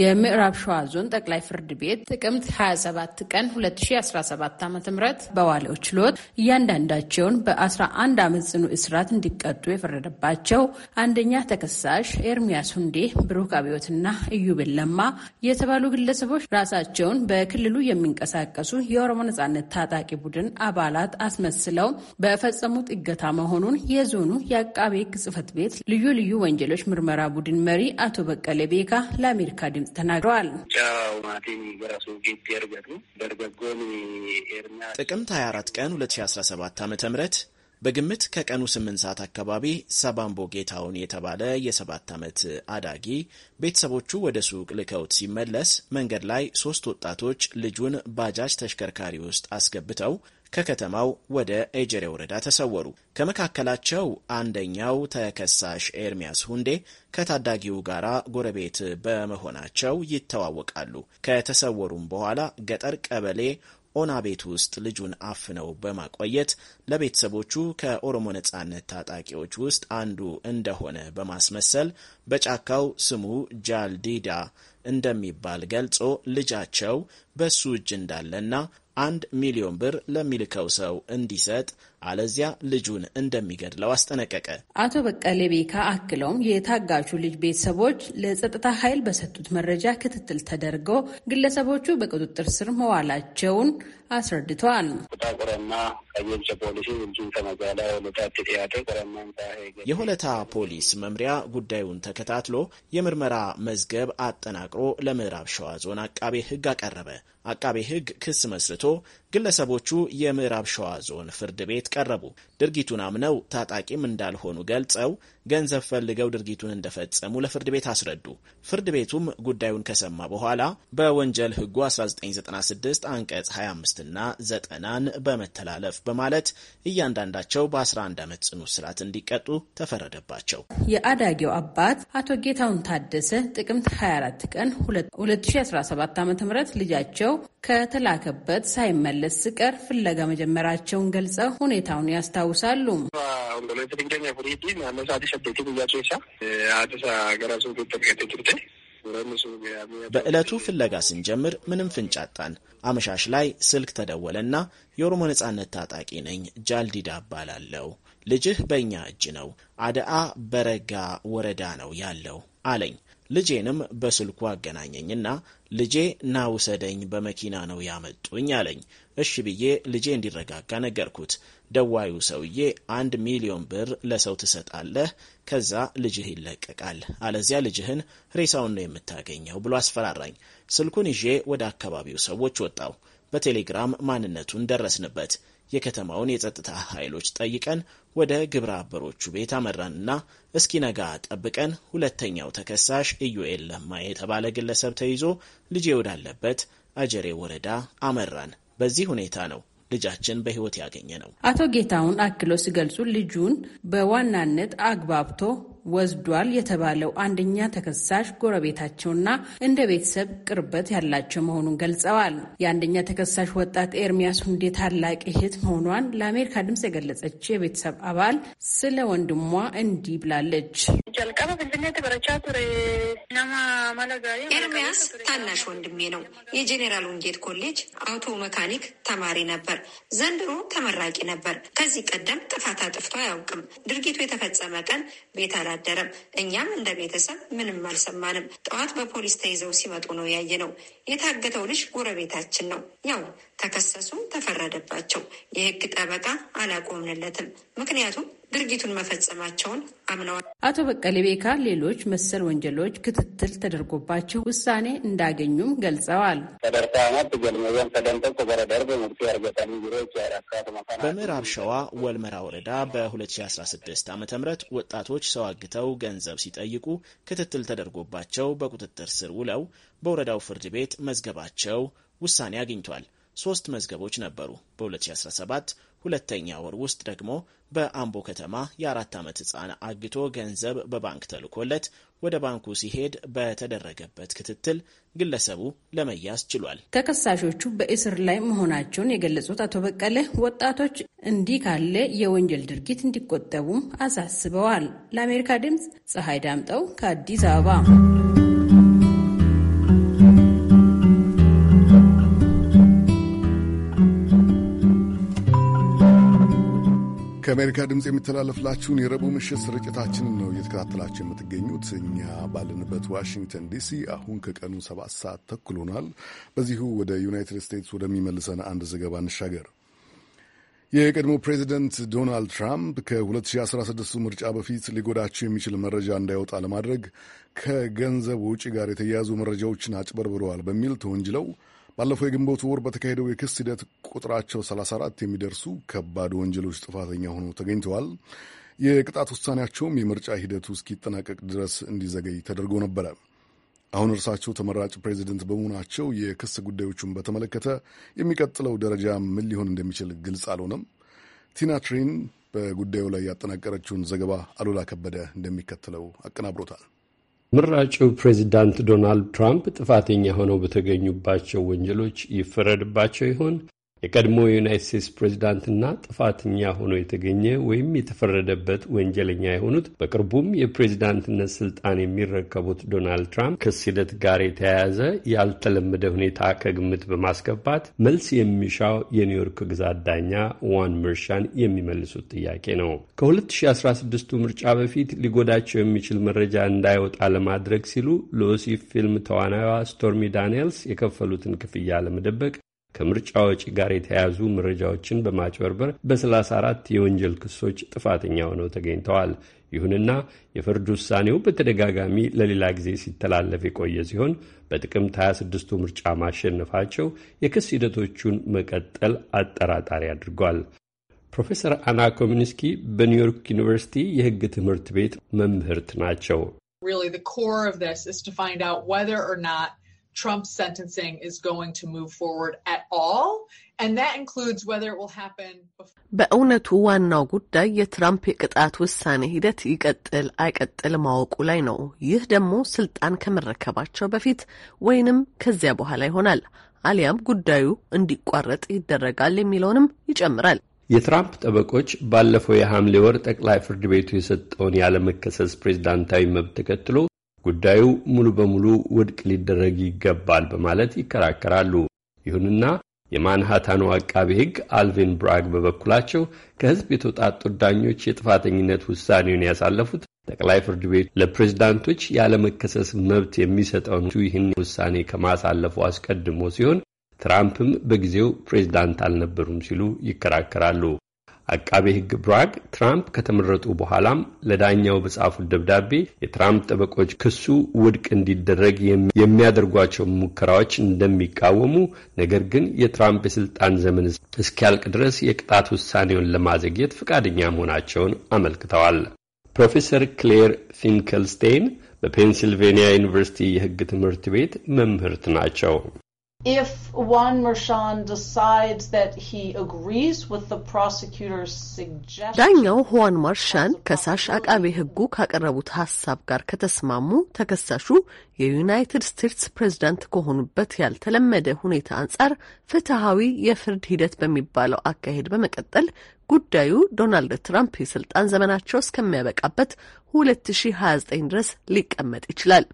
የምዕራብ ሸዋ ዞን ጠቅላይ ፍርድ ቤት ጥቅምት 27 ቀን 2017 ዓ ም በዋለው ችሎት እያንዳንዳቸውን በ11 ዓመት ጽኑ እስራት እንዲቀጡ የፈረደባቸው አንደኛ ተከሳሽ ኤርሚያስ ሁንዴ፣ ብሩክ አብዮትና እዩብን ለማ የተባሉ ግለሰቦች ራሳቸውን በክልሉ የሚንቀሳቀሱ የኦሮሞ ነጻነት ታጣቂ ቡድን አባላት አስመስለው በፈጸሙት እገታ መሆኑን የዞኑ የአቃቤ ሕግ ቤት ልዩ ልዩ ወንጀሎች ምርመራ ቡድን መሪ አቶ በቀለ ቤካ ለአሜሪካ ድምፅ ተናግረዋል። ጥቅምት 24 ቀን 2017 ዓ ም በግምት ከቀኑ 8 ሰዓት አካባቢ ሰባምቦ ጌታውን የተባለ የሰባት ዓመት አዳጊ ቤተሰቦቹ ወደ ሱቅ ልከውት ሲመለስ መንገድ ላይ ሦስት ወጣቶች ልጁን ባጃጅ ተሽከርካሪ ውስጥ አስገብተው ከከተማው ወደ ኤጀሬ ወረዳ ተሰወሩ። ከመካከላቸው አንደኛው ተከሳሽ ኤርሚያስ ሁንዴ ከታዳጊው ጋር ጎረቤት በመሆናቸው ይተዋወቃሉ። ከተሰወሩም በኋላ ገጠር ቀበሌ ኦና ቤት ውስጥ ልጁን አፍነው በማቆየት ለቤተሰቦቹ ከኦሮሞ ነጻነት ታጣቂዎች ውስጥ አንዱ እንደሆነ በማስመሰል በጫካው ስሙ ጃልዲዳ እንደሚባል ገልጾ ልጃቸው በሱ እጅ እንዳለና አንድ ሚሊዮን ብር ለሚልከው ሰው እንዲሰጥ አለዚያ ልጁን እንደሚገድለው አስጠነቀቀ። አቶ በቀሌ ቤካ አክለውም የታጋቹ ልጅ ቤተሰቦች ለጸጥታ ኃይል በሰጡት መረጃ ክትትል ተደርጎ ግለሰቦቹ በቁጥጥር ስር መዋላቸውን አስረድተዋል። የሆለታ ፖሊስ መምሪያ ጉዳዩን ተከታትሎ የምርመራ መዝገብ አጠናቅሮ ለምዕራብ ሸዋ ዞን አቃቤ ሕግ አቀረበ። አቃቤ ሕግ ክስ መስርቶ ግለሰቦቹ የምዕራብ ሸዋ ዞን ፍርድ ቤት ቀረቡ። ድርጊቱን አምነው ታጣቂም እንዳልሆኑ ገልጸው ገንዘብ ፈልገው ድርጊቱን እንደፈጸሙ ለፍርድ ቤት አስረዱ። ፍርድ ቤቱም ጉዳዩን ከሰማ በኋላ በወንጀል ሕጉ 1996 አንቀጽ 25ና 90 በመተላለፍ በማለት እያንዳንዳቸው በ11 ዓመት ጽኑ እስራት እንዲቀጡ ተፈረደባቸው። የአዳጊው አባት አቶ ጌታውን ታደሰ ጥቅምት 24 ቀን 2017 ዓ ም ልጃቸው ከተላከበት ሳይመለ ሳይመለስ ስቀር ፍለጋ መጀመራቸውን ገልጸው ሁኔታውን ያስታውሳሉ። በዕለቱ ፍለጋ ስንጀምር ምንም ፍንጭ አጣን። አመሻሽ ላይ ስልክ ተደወለና የኦሮሞ ነጻነት ታጣቂ ነኝ ጃልዲዳ እባላለሁ ልጅህ በእኛ እጅ ነው፣ አደአ በረጋ ወረዳ ነው ያለው አለኝ። ልጄንም በስልኩ አገናኘኝና ልጄ ና በመኪና ነው ያመጡኝ አለኝ። እሺ ብዬ ልጄ እንዲረጋጋ ነገርኩት። ደዋዩ ሰውዬ አንድ ሚሊዮን ብር ለሰው ትሰጣለህ፣ ከዛ ልጅህ ይለቀቃል፣ አለዚያ ልጅህን ሬሳውን ነው የምታገኘው ብሎ አስፈራራኝ። ስልኩን ይዤ ወደ አካባቢው ሰዎች ወጣው። በቴሌግራም ማንነቱን ደረስንበት። የከተማውን የጸጥታ ኃይሎች ጠይቀን ወደ ግብረ አበሮቹ ቤት አመራንና ነጋ ጠብቀን ሁለተኛው ተከሳሽ ኢዩኤል ለማ የተባለ ግለሰብ ተይዞ ልጄ ወዳለበት አጀሬ ወረዳ አመራን። በዚህ ሁኔታ ነው ልጃችን በህይወት ያገኘ ነው። አቶ ጌታሁን አክሎ ሲገልጹ ልጁን በዋናነት አግባብቶ ወስዷል የተባለው አንደኛ ተከሳሽ ጎረቤታቸውና እንደ ቤተሰብ ቅርበት ያላቸው መሆኑን ገልጸዋል። የአንደኛ ተከሳሽ ወጣት ኤርሚያስ ሁንዴ ታላቅ እህት መሆኗን ለአሜሪካ ድምፅ የገለጸች የቤተሰብ አባል ስለ ወንድሟ እንዲህ ብላለች። ኤርሚያስ ታናሽ ወንድሜ ነው። የጄኔራል ወንጌት ኮሌጅ አውቶ መካኒክ ተማሪ ነበር። ዘንድሮ ተመራቂ ነበር። ከዚህ ቀደም ጥፋት አጥፍቶ አያውቅም። ድርጊቱ የተፈጸመ ቀን ቤት አላ አላደረም። እኛም እንደ ቤተሰብ ምንም አልሰማንም። ጠዋት በፖሊስ ተይዘው ሲመጡ ነው ነው። የታገተው ልጅ ጎረቤታችን ነው። ያው ተከሰሱ፣ ተፈረደባቸው። የህግ ጠበቃ አላቆምንለትም። ምክንያቱም ድርጊቱን መፈጸማቸውን አምነዋል። አቶ በቀሌ ቤካ ሌሎች መሰል ወንጀሎች ክትትል ተደርጎባቸው ውሳኔ እንዳገኙም ገልጸዋል። በምዕራብ ሸዋ ወልመራ ወረዳ በ2016 ዓ ም ወጣቶች ሰው አግተው ገንዘብ ሲጠይቁ ክትትል ተደርጎባቸው በቁጥጥር ስር ውለው በወረዳው ፍርድ ቤት መዝገባቸው ውሳኔ አግኝቷል። ሶስት መዝገቦች ነበሩ። በ2017 ሁለተኛ ወር ውስጥ ደግሞ በአምቦ ከተማ የአራት ዓመት ሕፃን አግቶ ገንዘብ በባንክ ተልኮለት ወደ ባንኩ ሲሄድ በተደረገበት ክትትል ግለሰቡ ለመያዝ ችሏል። ተከሳሾቹ በእስር ላይ መሆናቸውን የገለጹት አቶ በቀለ ወጣቶች እንዲህ ካለ የወንጀል ድርጊት እንዲቆጠቡም አሳስበዋል። ለአሜሪካ ድምፅ ፀሐይ ዳምጠው ከአዲስ አበባ ከአሜሪካ ድምፅ የሚተላለፍላችሁን የረቡዕ ምሽት ስርጭታችንን ነው እየተከታተላችሁ የምትገኙት። እኛ ባለንበት ዋሽንግተን ዲሲ አሁን ከቀኑ ሰባት ሰዓት ተኩል ሆኗል። በዚሁ ወደ ዩናይትድ ስቴትስ ወደሚመልሰን አንድ ዘገባ እንሻገር። የቀድሞ ፕሬዚደንት ዶናልድ ትራምፕ ከ2016 ምርጫ በፊት ሊጎዳቸው የሚችል መረጃ እንዳይወጣ ለማድረግ ከገንዘብ ውጪ ጋር የተያያዙ መረጃዎችን አጭበርብረዋል በሚል ተወንጅለው ባለፈው የግንቦት ወር በተካሄደው የክስ ሂደት ቁጥራቸው 34 የሚደርሱ ከባድ ወንጀሎች ጥፋተኛ ሆኖ ተገኝተዋል። የቅጣት ውሳኔያቸውም የምርጫ ሂደቱ እስኪጠናቀቅ ድረስ እንዲዘገይ ተደርጎ ነበረ። አሁን እርሳቸው ተመራጭ ፕሬዚደንት በመሆናቸው የክስ ጉዳዮቹን በተመለከተ የሚቀጥለው ደረጃ ምን ሊሆን እንደሚችል ግልጽ አልሆነም። ቲና ትሪን በጉዳዩ ላይ ያጠናቀረችውን ዘገባ አሉላ ከበደ እንደሚከተለው አቀናብሮታል። ምራጩ ፕሬዚዳንት ዶናልድ ትራምፕ ጥፋተኛ ሆነው በተገኙባቸው ወንጀሎች ይፈረድባቸው ይሆን? የቀድሞ የዩናይት ስቴትስ ፕሬዚዳንትና ጥፋተኛ ሆኖ የተገኘ ወይም የተፈረደበት ወንጀለኛ የሆኑት በቅርቡም የፕሬዚዳንትነት ስልጣን የሚረከቡት ዶናልድ ትራምፕ ክስ ሂደት ጋር የተያያዘ ያልተለመደ ሁኔታ ከግምት በማስገባት መልስ የሚሻው የኒውዮርክ ግዛት ዳኛ ዋን ምርሻን የሚመልሱት ጥያቄ ነው። ከ2016ቱ ምርጫ በፊት ሊጎዳቸው የሚችል መረጃ እንዳይወጣ ለማድረግ ሲሉ ለወሲብ ፊልም ተዋናይዋ ስቶርሚ ዳንኤልስ የከፈሉትን ክፍያ ለመደበቅ ከምርጫ ወጪ ጋር የተያያዙ መረጃዎችን በማጭበርበር በ34 የወንጀል ክሶች ጥፋተኛ ሆነው ተገኝተዋል። ይሁንና የፍርድ ውሳኔው በተደጋጋሚ ለሌላ ጊዜ ሲተላለፍ የቆየ ሲሆን በጥቅምት 26ቱ ምርጫ ማሸነፋቸው የክስ ሂደቶቹን መቀጠል አጠራጣሪ አድርጓል። ፕሮፌሰር አና ኮሚኒስኪ በኒውዮርክ ዩኒቨርሲቲ የሕግ ትምህርት ቤት መምህርት ናቸው። Trump's sentencing is going to move forward at all, and that includes whether it will happen. በእውነቱ ዋናው ጉዳይ የትራምፕ የቅጣት ውሳኔ ሂደት ይቀጥል አይቀጥል ማወቁ ላይ ነው። ይህ ደግሞ ስልጣን ከመረከባቸው በፊት ወይንም ከዚያ በኋላ ይሆናል፣ አሊያም ጉዳዩ እንዲቋረጥ ይደረጋል የሚለውንም ይጨምራል። የትራምፕ ጠበቆች ባለፈው የሐምሌ ወር ጠቅላይ ፍርድ ቤቱ የሰጠውን ያለመከሰስ ፕሬዝዳንታዊ መብት ተከትሎ ጉዳዩ ሙሉ በሙሉ ውድቅ ሊደረግ ይገባል በማለት ይከራከራሉ። ይሁንና የማንሃታኑ አቃቤ ሕግ አልቪን ብራግ በበኩላቸው ከሕዝብ የተውጣጡ ዳኞች የጥፋተኝነት ውሳኔውን ያሳለፉት ጠቅላይ ፍርድ ቤት ለፕሬዝዳንቶች ያለመከሰስ መብት የሚሰጠውን ይህን ውሳኔ ከማሳለፉ አስቀድሞ ሲሆን ትራምፕም በጊዜው ፕሬዝዳንት አልነበሩም ሲሉ ይከራከራሉ። አቃቤ ሕግ ብራግ ትራምፕ ከተመረጡ በኋላም ለዳኛው በጻፉት ደብዳቤ የትራምፕ ጠበቆች ክሱ ውድቅ እንዲደረግ የሚያደርጓቸው ሙከራዎች እንደሚቃወሙ፣ ነገር ግን የትራምፕ የስልጣን ዘመን እስኪያልቅ ድረስ የቅጣት ውሳኔውን ለማዘግየት ፈቃደኛ መሆናቸውን አመልክተዋል። ፕሮፌሰር ክሌር ፊንከልስቴን በፔንሲልቬንያ ዩኒቨርሲቲ የሕግ ትምህርት ቤት መምህርት ናቸው። if Juan Mershon decides that he agrees with the prosecutor's suggestion ዳኛው ሁዋን ማርሻን ከሳሽ አቃቤ ሕጉ ካቀረቡት ሀሳብ ጋር ከተስማሙ ተከሳሹ የዩናይትድ ስቴትስ ፕሬዝዳንት ከሆኑበት ያልተለመደ ሁኔታ አንጻር ፍትሐዊ የፍርድ ሂደት በሚባለው አካሄድ በመቀጠል ጉዳዩ ዶናልድ ትራምፕ የስልጣን ዘመናቸው እስከሚያበቃበት 2029 ድረስ ሊቀመጥ ይችላል።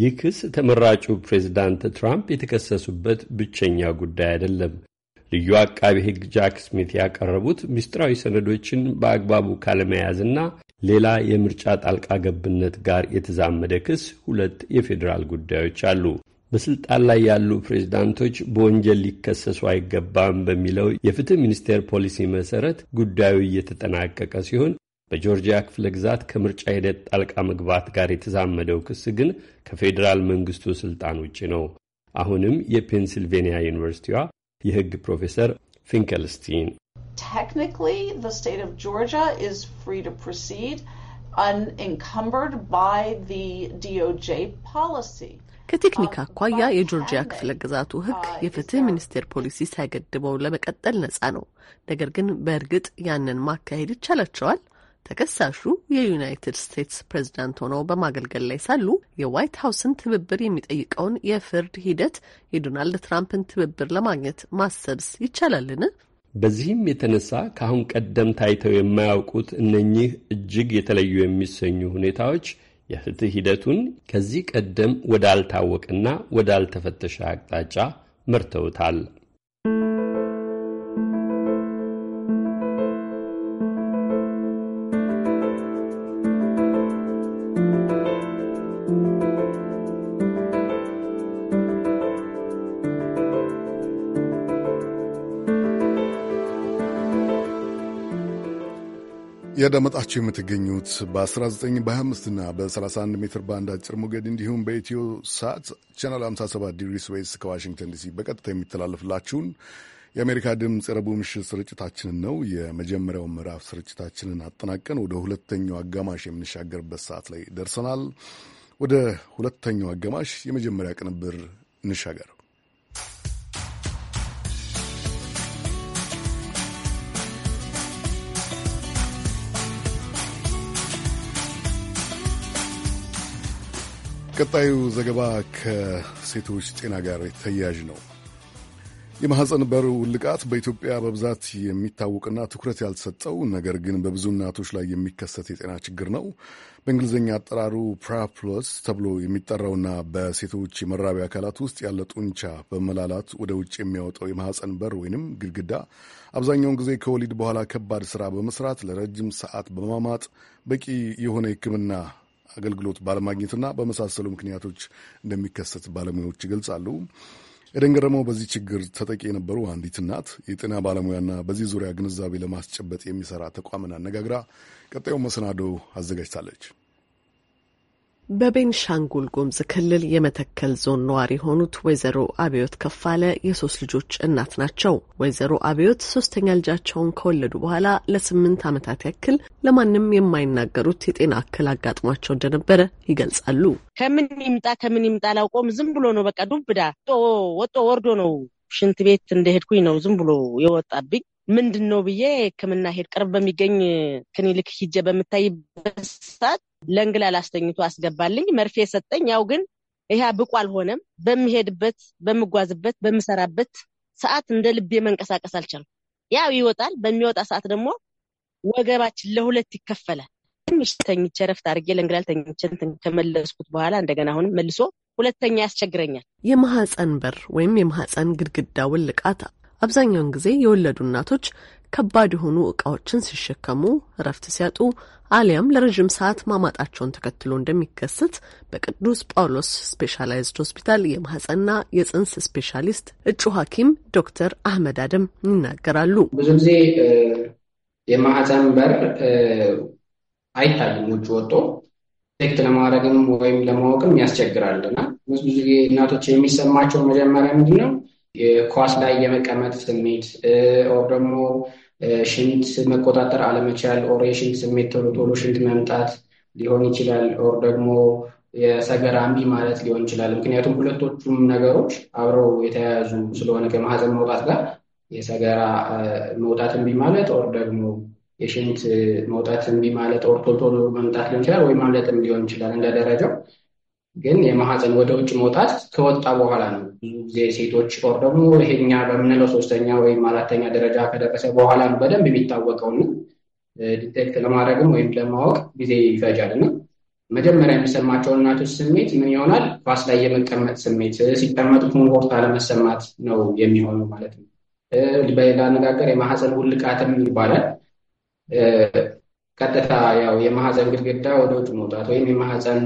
ይህ ክስ ተመራጩ ፕሬዚዳንት ትራምፕ የተከሰሱበት ብቸኛ ጉዳይ አይደለም። ልዩ አቃቢ ሕግ ጃክ ስሚት ያቀረቡት ምስጢራዊ ሰነዶችን በአግባቡ ካለመያዝና ሌላ የምርጫ ጣልቃ ገብነት ጋር የተዛመደ ክስ ሁለት የፌዴራል ጉዳዮች አሉ። በስልጣን ላይ ያሉ ፕሬዝዳንቶች በወንጀል ሊከሰሱ አይገባም በሚለው የፍትህ ሚኒስቴር ፖሊሲ መሰረት ጉዳዩ እየተጠናቀቀ ሲሆን በጆርጂያ ክፍለ ግዛት ከምርጫ ሂደት ጣልቃ መግባት ጋር የተዛመደው ክስ ግን ከፌዴራል መንግስቱ ስልጣን ውጭ ነው። አሁንም የፔንሲልቬንያ ዩኒቨርሲቲዋ የህግ ፕሮፌሰር ፊንከልስቲን ከቴክኒክ አኳያ የጆርጂያ ክፍለ ግዛቱ ህግ የፍትህ ሚኒስቴር ፖሊሲ ሳይገድበው ለመቀጠል ነጻ ነው። ነገር ግን በእርግጥ ያንን ማካሄድ ይቻላቸዋል? ተከሳሹ የዩናይትድ ስቴትስ ፕሬዝዳንት ሆነው በማገልገል ላይ ሳሉ የዋይት ሀውስን ትብብር የሚጠይቀውን የፍርድ ሂደት የዶናልድ ትራምፕን ትብብር ለማግኘት ማሰብስ ይቻላልን? በዚህም የተነሳ ከአሁን ቀደም ታይተው የማያውቁት እነኚህ እጅግ የተለዩ የሚሰኙ ሁኔታዎች የፍትህ ሂደቱን ከዚህ ቀደም ወዳልታወቅና ወዳልተፈተሸ አቅጣጫ መርተውታል። ያዳመጣችሁ የምትገኙት በ19 በ25ና በ31 ሜትር ባንድ አጭር ሞገድ እንዲሁም በኢትዮ ሳት ቻናል 57 ዲግሪስ ዌስት ከዋሽንግተን ዲሲ በቀጥታ የሚተላለፍላችሁን የአሜሪካ ድምፅ የረቡዕ ምሽት ስርጭታችንን ነው። የመጀመሪያው ምዕራፍ ስርጭታችንን አጠናቀን ወደ ሁለተኛው አጋማሽ የምንሻገርበት ሰዓት ላይ ደርሰናል። ወደ ሁለተኛው አጋማሽ የመጀመሪያ ቅንብር እንሻገር። ቀጣዩ ዘገባ ከሴቶች ጤና ጋር ተያያዥ ነው። የማህፀን በር ውልቃት በኢትዮጵያ በብዛት የሚታወቅና ትኩረት ያልተሰጠው ነገር ግን በብዙ እናቶች ላይ የሚከሰት የጤና ችግር ነው። በእንግሊዝኛ አጠራሩ ፕራፕሎስ ተብሎ የሚጠራውና በሴቶች የመራቢያ አካላት ውስጥ ያለ ጡንቻ በመላላት ወደ ውጭ የሚያወጣው የማህፀን በር ወይንም ግድግዳ አብዛኛውን ጊዜ ከወሊድ በኋላ ከባድ ስራ በመስራት ለረጅም ሰዓት በማማጥ በቂ የሆነ ሕክምና አገልግሎት ባለማግኘትና በመሳሰሉ ምክንያቶች እንደሚከሰት ባለሙያዎች ይገልጻሉ። ኤደን ገረመው በዚህ ችግር ተጠቂ የነበሩ አንዲት እናት የጤና ባለሙያና በዚህ ዙሪያ ግንዛቤ ለማስጨበጥ የሚሰራ ተቋምን አነጋግራ ቀጣዩ መሰናዶ አዘጋጅታለች። በቤንሻንጉል ጎምዝ ክልል የመተከል ዞን ነዋሪ የሆኑት ወይዘሮ አብዮት ከፋለ የሶስት ልጆች እናት ናቸው። ወይዘሮ አብዮት ሶስተኛ ልጃቸውን ከወለዱ በኋላ ለስምንት ዓመታት ያክል ለማንም የማይናገሩት የጤና እክል አጋጥሟቸው እንደነበረ ይገልጻሉ። ከምን ይምጣ ከምን ይምጣ አላውቀውም። ዝም ብሎ ነው በቃ ዱብዳ ወጦ ወርዶ ነው። ሽንት ቤት እንደሄድኩኝ ነው ዝም ብሎ የወጣብኝ። ምንድን ነው ብዬ ሕክምና ሄድ ቅርብ በሚገኝ ክሊኒክ ሂጄ በምታይበት ሰዓት ለእንግላል አስተኝቶ አስገባልኝ። መርፌ ሰጠኝ። ያው ግን ይህ ብቁ አልሆነም። በምሄድበት፣ በምጓዝበት፣ በምሰራበት ሰዓት እንደ ልቤ መንቀሳቀስ አልቻልኩም። ያው ይወጣል። በሚወጣ ሰዓት ደግሞ ወገባችን ለሁለት ይከፈላል። ትንሽ ተኝቼ ረፍት አድርጌ ለእንግላል ተኝቼ ከመለስኩት በኋላ እንደገና አሁንም መልሶ ሁለተኛ ያስቸግረኛል። የማህፀን በር ወይም የማህፀን ግድግዳ ውልቃት አብዛኛውን ጊዜ የወለዱ እናቶች ከባድ የሆኑ እቃዎችን ሲሸከሙ እረፍት ሲያጡ አሊያም ለረዥም ሰዓት ማማጣቸውን ተከትሎ እንደሚከሰት በቅዱስ ጳውሎስ ስፔሻላይዝድ ሆስፒታል የማህፀንና የጽንስ ስፔሻሊስት እጩ ሐኪም ዶክተር አህመድ አደም ይናገራሉ። ብዙ ጊዜ የማህፀን በር አይታይም ውጭ ወጦ ቴክት ለማድረግም ወይም ለማወቅም ያስቸግራልና ብዙ ጊዜ እናቶች የሚሰማቸው መጀመሪያ ምንድን ነው? ኳስ ላይ የመቀመጥ ስሜት ኦር ደግሞ ሽንት መቆጣጠር አለመቻል ኦር የሽንት ስሜት ቶሎ ቶሎ ሽንት መምጣት ሊሆን ይችላል። ኦር ደግሞ የሰገራ እምቢ ማለት ሊሆን ይችላል። ምክንያቱም ሁለቶቹም ነገሮች አብረው የተያያዙ ስለሆነ ከማህፀን መውጣት ጋር የሰገራ መውጣት እምቢ ማለት ኦር ደግሞ የሽንት መውጣት እምቢ ማለት ኦር ቶሎ ቶሎ መምጣት ሊሆን ይችላል፣ ወይም ማምለጥም ሊሆን ይችላል እንደ ደረጃው ግን የማህፀን ወደ ውጭ መውጣት ከወጣ በኋላ ነው። ብዙ ጊዜ ሴቶች ኦር ደግሞ ይሄኛ በምንለው ሶስተኛ ወይም አራተኛ ደረጃ ከደረሰ በኋላ ነው በደንብ የሚታወቀውና ዲቴክት ለማድረግም ወይም ለማወቅ ጊዜ እና መጀመሪያ የሚሰማቸው እናቶች ስሜት ምን ይሆናል? ኳስ ላይ የመቀመጥ ስሜት፣ ሲቀመጡ ኮምፎርት አለመሰማት ነው የሚሆኑ ማለት ነው። በሌላ አነጋገር የማህፀን ውልቃትም ይባላል። ቀጥታ ያው የማህፀን ግድግዳ ወደ ውጭ መውጣት ወይም የማህፀን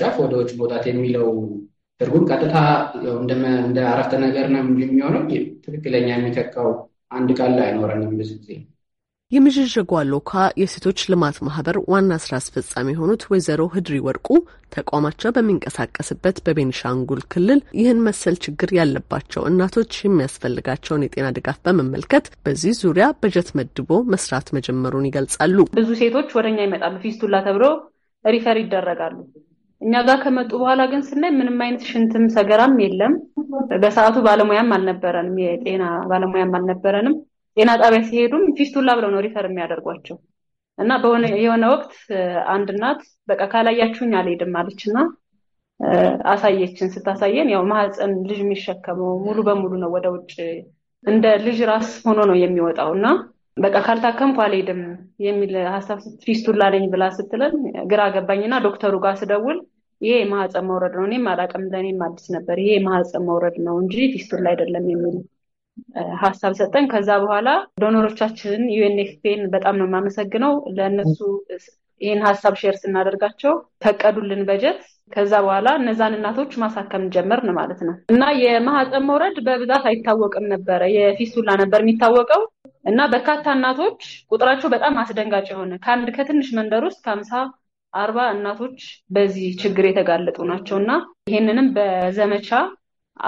ጫፍ ወደ ውጭ መውጣት የሚለው ትርጉም ቀጥታ እንደ አረፍተ ነገር ነው የሚሆነው። ትክክለኛ የሚተካው አንድ ቃል አይኖረንም ብዙ ጊዜ የምዥዥጓ ሎካ የሴቶች ልማት ማህበር ዋና ስራ አስፈጻሚ የሆኑት ወይዘሮ ህድሪ ወርቁ ተቋማቸው በሚንቀሳቀስበት በቤኒሻንጉል ክልል ይህን መሰል ችግር ያለባቸው እናቶች የሚያስፈልጋቸውን የጤና ድጋፍ በመመልከት በዚህ ዙሪያ በጀት መድቦ መስራት መጀመሩን ይገልጻሉ። ብዙ ሴቶች ወደኛ ይመጣሉ። ፊስቱላ ተብሎ ሪፈር ይደረጋሉ። እኛ ጋር ከመጡ በኋላ ግን ስናይ ምንም አይነት ሽንትም ሰገራም የለም። በሰዓቱ ባለሙያም አልነበረንም፣ የጤና ባለሙያም አልነበረንም። ጤና ጣቢያ ሲሄዱም ፊስቱላ ብለው ነው ሪፈር የሚያደርጓቸው እና የሆነ ወቅት አንድ እናት በቃ ካላያችሁኝ አልሄድም አለች እና አሳየችን። ስታሳየን ያው ማህፀን ልጅ የሚሸከመው ሙሉ በሙሉ ነው ወደ ውጭ እንደ ልጅ ራስ ሆኖ ነው የሚወጣው እና በቃ ካልታከምኩ አልሄድም የሚል ሀሳብ ፊስቱላ ነኝ ብላ ስትለን ግራ ገባኝና ዶክተሩ ጋር ስደውል ይሄ የማህፀን መውረድ ነው፣ እኔም አላውቅም፣ ለእኔም አዲስ ነበር። ይሄ የማህፀን መውረድ ነው እንጂ ፊስቱላ አይደለም የሚል ሀሳብ ሰጠን። ከዛ በኋላ ዶኖሮቻችንን ዩኤንኤፍፒን በጣም ነው የማመሰግነው። ለእነሱ ይህን ሀሳብ ሼር ስናደርጋቸው ፈቀዱልን በጀት። ከዛ በኋላ እነዛን እናቶች ማሳከም ጀመርን ማለት ነው እና የማህፀን መውረድ በብዛት አይታወቅም ነበረ። የፊስቱላ ነበር የሚታወቀው እና በርካታ እናቶች ቁጥራቸው በጣም አስደንጋጭ የሆነ ከአንድ ከትንሽ መንደር ውስጥ ከአምሳ አርባ እናቶች በዚህ ችግር የተጋለጡ ናቸው እና ይህንንም በዘመቻ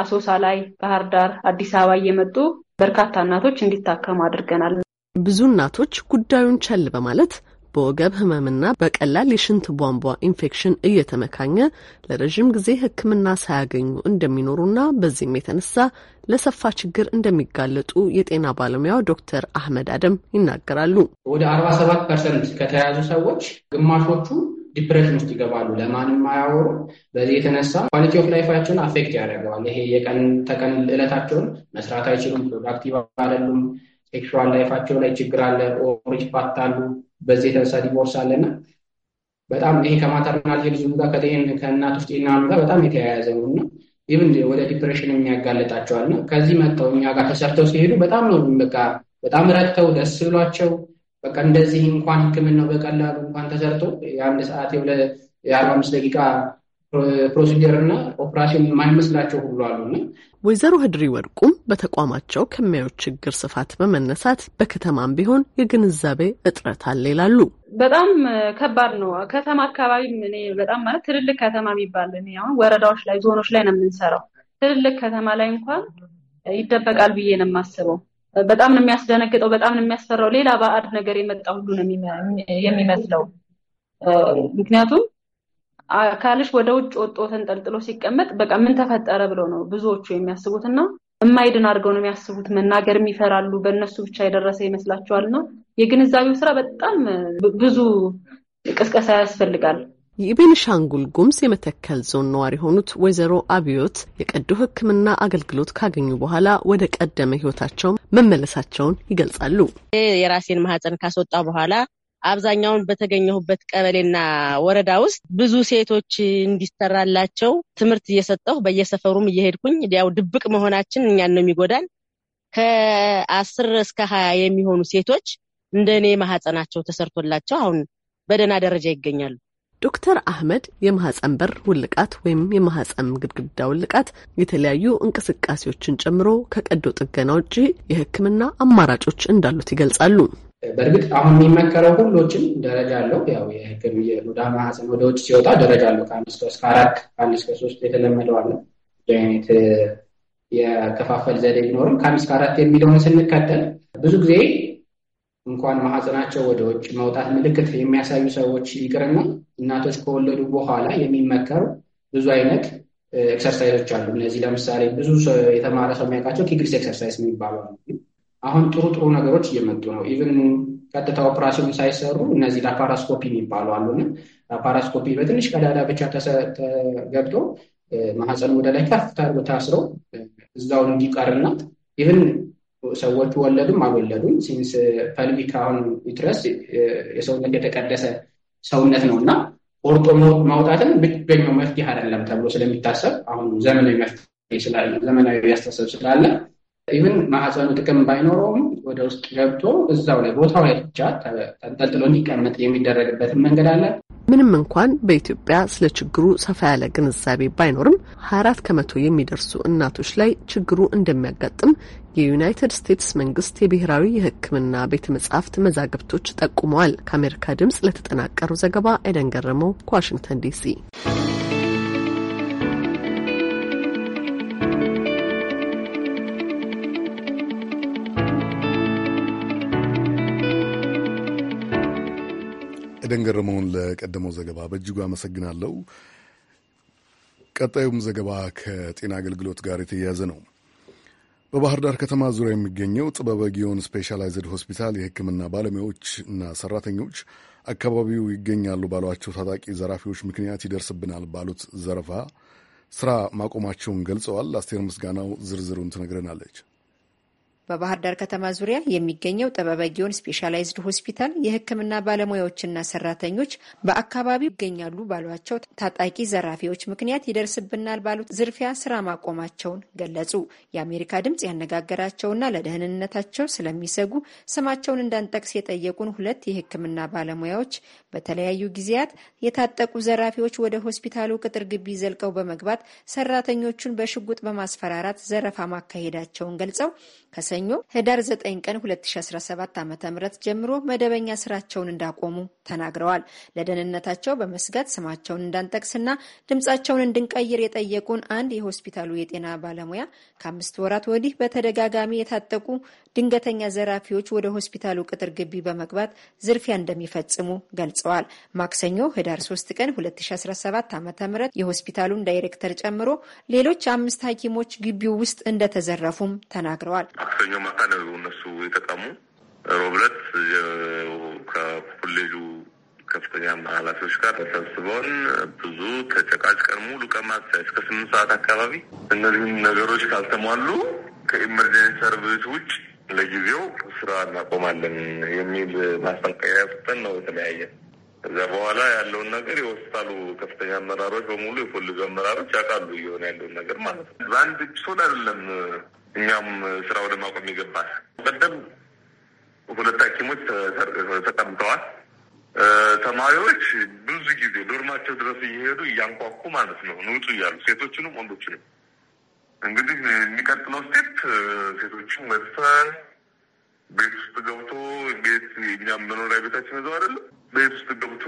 አሶሳ ላይ፣ ባህር ዳር፣ አዲስ አበባ እየመጡ በርካታ እናቶች እንዲታከሙ አድርገናል። ብዙ እናቶች ጉዳዩን ቸል በማለት በወገብ ህመምና በቀላል የሽንት ቧንቧ ኢንፌክሽን እየተመካኘ ለረዥም ጊዜ ሕክምና ሳያገኙ እንደሚኖሩና በዚህም የተነሳ ለሰፋ ችግር እንደሚጋለጡ የጤና ባለሙያው ዶክተር አህመድ አደም ይናገራሉ። ወደ አርባ ሰባት ፐርሰንት ከተያያዙ ሰዎች ግማሾቹ ዲፕሬሽን ውስጥ ይገባሉ። ለማንም አያወሩ። በዚህ የተነሳ ኳሊቲ ኦፍ ላይፋቸውን አፌክት ያደርገዋል። ይሄ የቀን ተቀን እለታቸውን መስራት አይችሉም። ፕሮዳክቲቭ አይደሉም። ሴክሹዋል ላይፋቸው ላይ ችግር አለ። ኦር ይፋታሉ። በዚህ የተነሳ ዲቮርስ አለና በጣም ይሄ ከማተርናል ሄልዝ ጋር ከእናት ውስጥ ናሉ ጋር በጣም የተያያዘ ነው እና ኢቭን ወደ ዲፕሬሽን የሚያጋልጣቸዋል እና ከዚህ መጥተው እኛ ጋር ተሰርተው ሲሄዱ በጣም ነው በቃ በጣም ረድተው ደስ ብሏቸው በቃ እንደዚህ እንኳን ህክምናው በቀላሉ እንኳን ተሰርቶ የአንድ ሰዓት የአርባ አምስት ደቂቃ ፕሮሲጀር እና ኦፕራሽን የማይመስላቸው ሁሉ አሉና ወይዘሮ ህድሪ ወርቁም በተቋማቸው ከሚያዩት ችግር ስፋት በመነሳት በከተማም ቢሆን የግንዛቤ እጥረት አለ ይላሉ። በጣም ከባድ ነው። ከተማ አካባቢም እኔ በጣም ማለት ትልልቅ ከተማ የሚባል እኔ አሁን ወረዳዎች ላይ ዞኖች ላይ ነው የምንሰራው። ትልልቅ ከተማ ላይ እንኳን ይደበቃል ብዬ ነው የማስበው። በጣም ነው የሚያስደነግጠው። በጣም ነው የሚያስፈራው። ሌላ ባዕድ ነገር የመጣ ሁሉ ነው የሚመስለው። ምክንያቱም አካልሽ ወደ ውጭ ወጦ ተንጠልጥሎ ሲቀመጥ በቃ ምን ተፈጠረ ብለው ነው ብዙዎቹ የሚያስቡት እና የማይድን አድርገው ነው የሚያስቡት። መናገር ይፈራሉ። በእነሱ ብቻ የደረሰ ይመስላቸዋል እና የግንዛቤው ስራ በጣም ብዙ ቅስቀሳ ያስፈልጋል። የቤኒሻንጉል ጉምዝ የመተከል ዞን ነዋሪ የሆኑት ወይዘሮ አብዮት የቀዶ ሕክምና አገልግሎት ካገኙ በኋላ ወደ ቀደመ ህይወታቸው መመለሳቸውን ይገልጻሉ። የራሴን ማህፀን ካስወጣ በኋላ አብዛኛውን በተገኘሁበት ቀበሌና ወረዳ ውስጥ ብዙ ሴቶች እንዲሰራላቸው ትምህርት እየሰጠሁ በየሰፈሩም እየሄድኩኝ ያው ድብቅ መሆናችን እኛን ነው የሚጎዳን። ከአስር እስከ ሀያ የሚሆኑ ሴቶች እንደ እኔ ማህፀናቸው ተሰርቶላቸው አሁን በደህና ደረጃ ይገኛሉ። ዶክተር አህመድ የማህፀን በር ውልቃት ወይም የማህፀን ግድግዳ ውልቃት የተለያዩ እንቅስቃሴዎችን ጨምሮ ከቀዶ ጥገና ውጭ የሕክምና አማራጮች እንዳሉት ይገልጻሉ። በእርግጥ አሁን የሚመከረው ሁሎችም ደረጃ አለው። ያው ወደ ማህፀን ወደ ውጭ ሲወጣ ደረጃ አለው። ከአንድ እስከ እስከ አራት ከአንድ እስከ ሶስት የተለመደው አለ። ብዙ አይነት የከፋፈል ዘዴ ቢኖርም ከአንድ እስከ አራት የሚለውን ስንከተል ብዙ ጊዜ እንኳን ማህፀናቸው ወደ ውጭ መውጣት ምልክት የሚያሳዩ ሰዎች ይቅርና እናቶች ከወለዱ በኋላ የሚመከሩ ብዙ አይነት ኤክሰርሳይዞች አሉ። እነዚህ ለምሳሌ ብዙ የተማረ ሰው የሚያውቃቸው ኪግልስ ኤክሰርሳይዝ የሚባሉ አሁን ጥሩ ጥሩ ነገሮች እየመጡ ነው። ኢቨን ቀጥታ ኦፕራሲዮን ሳይሰሩ እነዚህ ላፓራስኮፒ የሚባሉ አሉና ላፓራስኮፒ በትንሽ ቀዳዳ ብቻ ተገብቶ ማህፀን ወደ ላይ ከፍ ታርጎ ታስረው እዛው እንዲቀርና ኢቨን ሰዎቹ ወለዱም አልወለዱም ሲንስ ፐልቪክ አሁን ዩትረስ የሰውነት የተቀደሰ ሰውነት ነው እና ቆርጦ ማውጣትን ብቸኛው መፍትሄ አይደለም ተብሎ ስለሚታሰብ አሁን ዘመናዊ መፍትሄ ስላለ ዘመናዊ ያስተሰብ ስላለ ይህን ማህፀኑ ጥቅም ባይኖረውም ወደ ውስጥ ገብቶ እዛው ላይ ቦታው ላይ ብቻ ተንጠልጥሎ እንዲቀመጥ የሚደረግበትን መንገድ አለን። ምንም እንኳን በኢትዮጵያ ስለ ችግሩ ሰፋ ያለ ግንዛቤ ባይኖርም ሀያ አራት ከመቶ የሚደርሱ እናቶች ላይ ችግሩ እንደሚያጋጥም የዩናይትድ ስቴትስ መንግስት የብሔራዊ የሕክምና ቤተ መጻሕፍት መዛግብቶች ጠቁመዋል። ከአሜሪካ ድምጽ ለተጠናቀሩ ዘገባ አይደን ገረመው ከዋሽንግተን ዲሲ ኤደን ገረመውን ለቀደመው ዘገባ በእጅጉ አመሰግናለሁ። ቀጣዩም ዘገባ ከጤና አገልግሎት ጋር የተያያዘ ነው። በባህር ዳር ከተማ ዙሪያ የሚገኘው ጥበበ ጊዮን ስፔሻላይዝድ ሆስፒታል የሕክምና ባለሙያዎች እና ሰራተኞች አካባቢው ይገኛሉ ባሏቸው ታጣቂ ዘራፊዎች ምክንያት ይደርስብናል ባሉት ዘረፋ ስራ ማቆማቸውን ገልጸዋል። አስቴር ምስጋናው ዝርዝሩን ትነግረናለች። በባህር ዳር ከተማ ዙሪያ የሚገኘው ጥበበጊዮን ስፔሻላይዝድ ሆስፒታል የሕክምና ባለሙያዎችና ሰራተኞች በአካባቢው ይገኛሉ ባሏቸው ታጣቂ ዘራፊዎች ምክንያት ይደርስብናል ባሉት ዝርፊያ ስራ ማቆማቸውን ገለጹ። የአሜሪካ ድምፅ ያነጋገራቸውና ለደህንነታቸው ስለሚሰጉ ስማቸውን እንዳንጠቅስ የጠየቁን ሁለት የሕክምና ባለሙያዎች በተለያዩ ጊዜያት የታጠቁ ዘራፊዎች ወደ ሆስፒታሉ ቅጥር ግቢ ዘልቀው በመግባት ሰራተኞቹን በሽጉጥ በማስፈራራት ዘረፋ ማካሄዳቸውን ገልጸው ከሰኞ ህዳር 9 ቀን 2017 ዓ ም ጀምሮ መደበኛ ስራቸውን እንዳቆሙ ተናግረዋል። ለደህንነታቸው በመስጋት ስማቸውን እንዳንጠቅስና ድምፃቸውን እንድንቀይር የጠየቁን አንድ የሆስፒታሉ የጤና ባለሙያ ከአምስት ወራት ወዲህ በተደጋጋሚ የታጠቁ ድንገተኛ ዘራፊዎች ወደ ሆስፒታሉ ቅጥር ግቢ በመግባት ዝርፊያ እንደሚፈጽሙ ገልጸዋል። ማክሰኞ ህዳር 3 ቀን 2017 ዓ ም የሆስፒታሉን ዳይሬክተር ጨምሮ ሌሎች አምስት ሐኪሞች ግቢው ውስጥ እንደተዘረፉም ተናግረዋል። ማክሰኞ ማታ ነው እነሱ የተቀሙ። ሮብለት ከኮሌጁ ከፍተኛ ኃላፊዎች ጋር ተሰብስበን ብዙ ተጨቃጭ ቀን ሙሉ ቀማት እስከ ስምንት ሰዓት አካባቢ እነዚህም ነገሮች ካልተሟሉ ከኢመርጀንሲ ሰርቪስ ውጭ ለጊዜው ስራ እናቆማለን የሚል ማስጠንቀቂያ ሰጥተን ነው የተለያየ። ከዛ በኋላ ያለውን ነገር የሆስፒታሉ ከፍተኛ አመራሮች በሙሉ የፖሊስ አመራሮች ያውቃሉ እየሆነ ያለውን ነገር ማለት ነው። በአንድ ሶል አይደለም እኛም ስራ ወደ ማቆም ይገባል። ቀደም ሁለት ሐኪሞች ተቀምጠዋል። ተማሪዎች ብዙ ጊዜ ዶርማቸው ድረስ እየሄዱ እያንኳኩ ማለት ነው ንውጡ እያሉ ሴቶችንም ወንዶችንም እንግዲህ የሚቀጥለው ስቴፕ ሴቶችን መድፈን ቤት ውስጥ ገብቶ ቤት የኛም መኖሪያ ቤታችን ይዘው አይደለም ቤት ውስጥ ገብቶ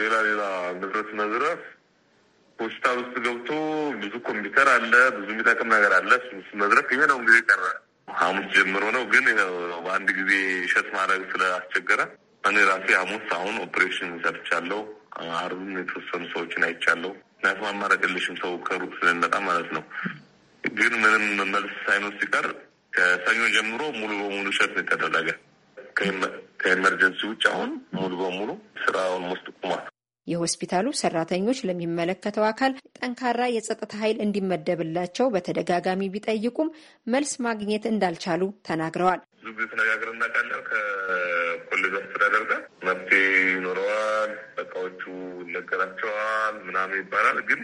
ሌላ ሌላ ንብረት መዝረፍ፣ ሆስፒታል ውስጥ ገብቶ ብዙ ኮምፒውተር አለ፣ ብዙ የሚጠቅም ነገር አለ። እሱ መዝረፍ ይሄ ነው እንግዲህ ቀረ ሐሙስ ጀምሮ ነው። ግን በአንድ ጊዜ እሸት ማድረግ ስለአስቸገረ እኔ ራሴ ሐሙስ አሁን ኦፕሬሽን ሰርቻለሁ። አርብም የተወሰኑ ሰዎችን አይቻለሁ። ምክንያቱም አማራቅልሽም ሰው ከሩቅ ስለሚመጣ ማለት ነው። ግን ምንም መልስ ሳይኖር ሲቀር ከሰኞ ጀምሮ ሙሉ በሙሉ ሸርት የተደረገ ከኤመርጀንሲ ውጭ አሁን ሙሉ በሙሉ ስራውን ውስጥ ቁሟል። የሆስፒታሉ ሰራተኞች ለሚመለከተው አካል ጠንካራ የጸጥታ ኃይል እንዲመደብላቸው በተደጋጋሚ ቢጠይቁም መልስ ማግኘት እንዳልቻሉ ተናግረዋል። ብዙ ጊዜ ተነጋግረን እናውቃለን። ከኮሌጅ አስተዳደር ጋር መፍትሄ ይኖረዋል፣ በቃዎቹ ይነገራቸዋል ምናምን ይባላል ግን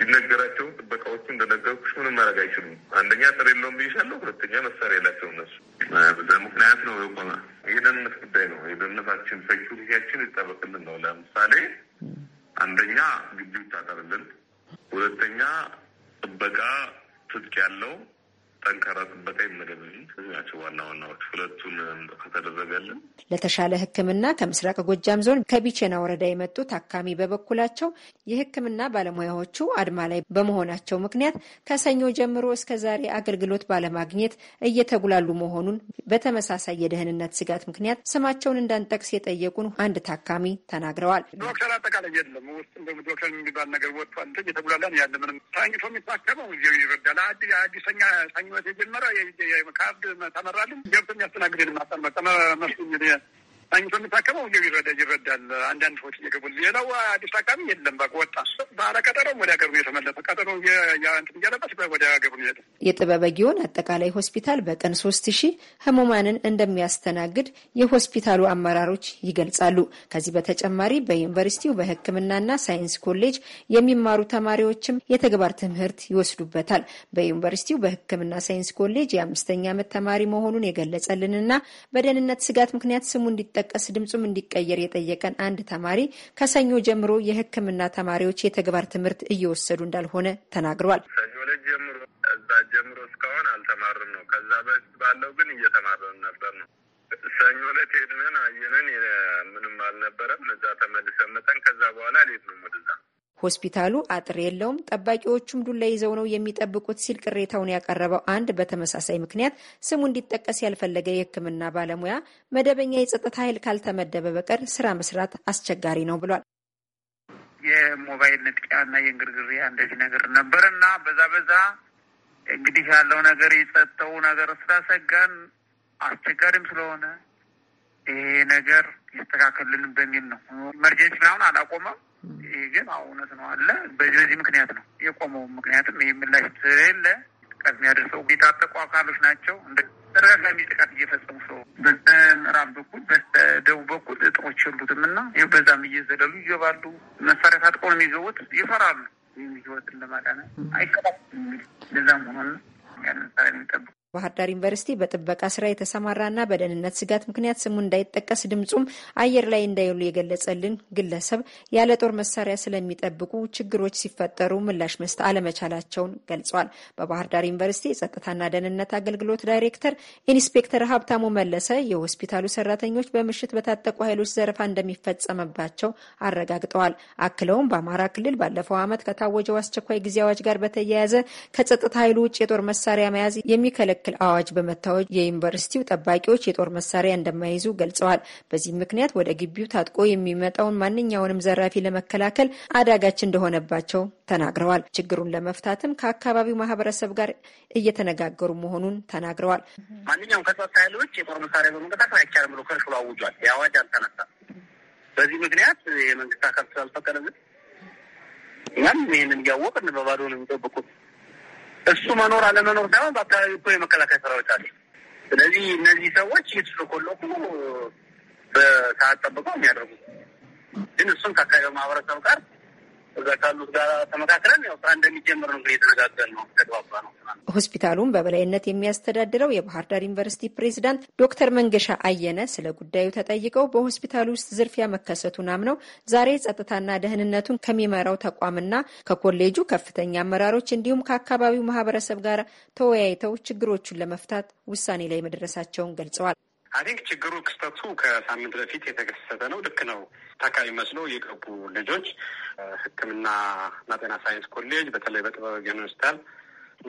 ሊነገራቸው ጥበቃዎቹ እንደነገርኩሽ ምንም ማድረግ አይችሉም። አንደኛ ጥር የለውም ብይሻለሁ፣ ሁለተኛ መሳሪያ የላቸውም እነሱ። በዛ ምክንያት ነው የቆመ። የደህንነት ጉዳይ ነው። የደህንነታችን ሴኪሪቲያችን ይጠበቅልን ነው። ለምሳሌ አንደኛ ግቢው ይታጠርልን፣ ሁለተኛ ጥበቃ ትጥቅ ያለው ጠንካራ ጥበቃ ይመደብልን ናቸው ዋና ዋናዎች። ሁለቱን ከተደረገልን ለተሻለ ሕክምና ከምስራቅ ጎጃም ዞን ከቢቼና ወረዳ የመጡ ታካሚ በበኩላቸው የሕክምና ባለሙያዎቹ አድማ ላይ በመሆናቸው ምክንያት ከሰኞ ጀምሮ እስከ ዛሬ አገልግሎት ባለማግኘት እየተጉላሉ መሆኑን በተመሳሳይ የደህንነት ስጋት ምክንያት ስማቸውን እንዳንጠቅስ የጠየቁን አንድ ታካሚ ተናግረዋል። ዶክተር አጠቃላይ የለም ውስጥ እንደውም ዶክተር የሚባል ነገር ወጥቷል። እየተጉላላን ያለ ምንም ታኝቶ የሚታከመው ይረዳል አዲሰኛ ግንኙነት የጀመረ ከአብድ ተመራልን ገብቶ የሚያስተናግድ ማስተመ ታኝቶ የሚታከመው እዚያው ይረዳ- ይረዳል። አንዳንድ ሰዎች እየገቡ ሌላው አዲስ ታካሚ የለም። በቃ ወጣ ባለ ቀጠሮ ወደ ሀገር ነው የተመለሰ። ቀጠሮ እንትን እያለበት ወደ ሀገር ነው የሄደ። የጥበበ ጊዮን አጠቃላይ ሆስፒታል በቀን ሶስት ሺህ ህሙማንን እንደሚያስተናግድ የሆስፒታሉ አመራሮች ይገልጻሉ። ከዚህ በተጨማሪ በዩኒቨርሲቲው በሕክምናና ሳይንስ ኮሌጅ የሚማሩ ተማሪዎችም የተግባር ትምህርት ይወስዱበታል። በዩኒቨርሲቲው በሕክምና ሳይንስ ኮሌጅ የአምስተኛ ዓመት ተማሪ መሆኑን የገለጸልንና በደህንነት ስጋት ምክንያት ስሙ እንዲጠ እንዳይጠቀስ ድምፁም እንዲቀየር የጠየቀን አንድ ተማሪ ከሰኞ ጀምሮ የሕክምና ተማሪዎች የተግባር ትምህርት እየወሰዱ እንዳልሆነ ተናግሯል። ሰኞ ዕለት ጀምሮ እዛ ጀምሮ እስካሁን አልተማርም ነው። ከዛ በፊት ባለው ግን እየተማርን ነበር ነው። ሰኞ ዕለት ሄድነን አየነን፣ ምንም አልነበረም። እዛ ተመልሰን መጠን ከዛ በኋላ አልሄድንም ወደዛ ሆስፒታሉ አጥር የለውም፣ ጠባቂዎቹም ዱላ ይዘው ነው የሚጠብቁት ሲል ቅሬታውን ያቀረበው አንድ በተመሳሳይ ምክንያት ስሙ እንዲጠቀስ ያልፈለገ የሕክምና ባለሙያ መደበኛ የጸጥታ ኃይል ካልተመደበ በቀር ስራ መስራት አስቸጋሪ ነው ብሏል። የሞባይል ንጥቂያ እና የእንግርግሪያ እንደዚህ ነገር ነበር እና በዛ በዛ እንግዲህ ያለው ነገር የጸጥታው ነገር ስላሰጋን አስቸጋሪም ስለሆነ ይሄ ነገር ይስተካከልልን በሚል ነው። ኢመርጀንሲ ምናምን አላቆመም። ይሄ ግን እውነት ነው አለ። በዚህ ምክንያት ነው የቆመው። ምክንያትም ይህ ምላሽ ስለሌለ ጥቃት የሚያደርሰው የታጠቁ አካሎች ናቸው። እንደ ተደጋጋሚ ጥቃት እየፈጸሙ ሰው በምዕራብ በኩል በደቡብ በኩል እጥሮች የሉትም እና ይኸው በዛም እየዘለሉ ይገባሉ። መሳሪያ ታጥቀው ነው የሚገቡት ይፈራሉ። ይህም ህይወትን ለማዳነ የሚል እንደዛም ሆኖ ያን መሳሪያ የሚጠብቁ ባህር ዳር ዩኒቨርሲቲ በጥበቃ ስራ የተሰማራና በደህንነት ስጋት ምክንያት ስሙ እንዳይጠቀስ ድምፁም አየር ላይ እንዳይውል የገለጸልን ግለሰብ ያለ ጦር መሳሪያ ስለሚጠብቁ ችግሮች ሲፈጠሩ ምላሽ መስጠት አለመቻላቸውን ገልጿል። በባህር ዳር ዩኒቨርሲቲ የጸጥታና ደህንነት አገልግሎት ዳይሬክተር ኢንስፔክተር ሀብታሙ መለሰ የሆስፒታሉ ሰራተኞች በምሽት በታጠቁ ኃይሎች ዘረፋ እንደሚፈጸምባቸው አረጋግጠዋል። አክለውም በአማራ ክልል ባለፈው ዓመት ከታወጀው አስቸኳይ ጊዜ አዋጅ ጋር በተያያዘ ከጸጥታ ኃይሉ ውጭ የጦር መሳሪያ መያዝ የሚከለ የሚከለክል አዋጅ በመታወጅ የዩኒቨርሲቲው ጠባቂዎች የጦር መሳሪያ እንደማይይዙ ገልጸዋል። በዚህ ምክንያት ወደ ግቢው ታጥቆ የሚመጣውን ማንኛውንም ዘራፊ ለመከላከል አዳጋች እንደሆነባቸው ተናግረዋል። ችግሩን ለመፍታትም ከአካባቢው ማህበረሰብ ጋር እየተነጋገሩ መሆኑን ተናግረዋል። ማንኛውም ከጸጥታ ኃይሎች የጦር መሳሪያ በመንቀሳቀስ አይቻልም ብሎ ከልክሎ አውጇል። የአዋጅ አልተነሳም። በዚህ ምክንያት የመንግስት አካል ስላልፈቀደ እኛም ይህንን እያወቅን በባዶ ነው የሚጠብቁት። እሱ መኖር አለመኖር ሳይሆን በአካባቢ እኮ የመከላከያ ሰራዊት አለ። ስለዚህ እነዚህ ሰዎች እየተሽለኮለኩ በሰዓት ጠብቀው የሚያደርጉት ግን እሱም ከአካባቢ ማህበረሰብ ጋር እዛ ካሉት ጋር ተመካክረን ያው ስራ እንደሚጀምር ነው የተነጋገር ነው ተግባባ ነው። ሆስፒታሉን በበላይነት የሚያስተዳድረው የባህር ዳር ዩኒቨርሲቲ ፕሬዚዳንት ዶክተር መንገሻ አየነ ስለ ጉዳዩ ተጠይቀው በሆስፒታሉ ውስጥ ዝርፊያ መከሰቱን አምነው ዛሬ ጸጥታና ደህንነቱን ከሚመራው ተቋምና ከኮሌጁ ከፍተኛ አመራሮች እንዲሁም ከአካባቢው ማህበረሰብ ጋር ተወያይተው ችግሮቹን ለመፍታት ውሳኔ ላይ መድረሳቸውን ገልጸዋል። አይ ቲንክ ችግሩ ክስተቱ ከሳምንት በፊት የተከሰተ ነው። ልክ ነው። ታካሚ መስለው የገቡ ልጆች እና ጤና ሳይንስ ኮሌጅ በተለይ በጥበብ ጌን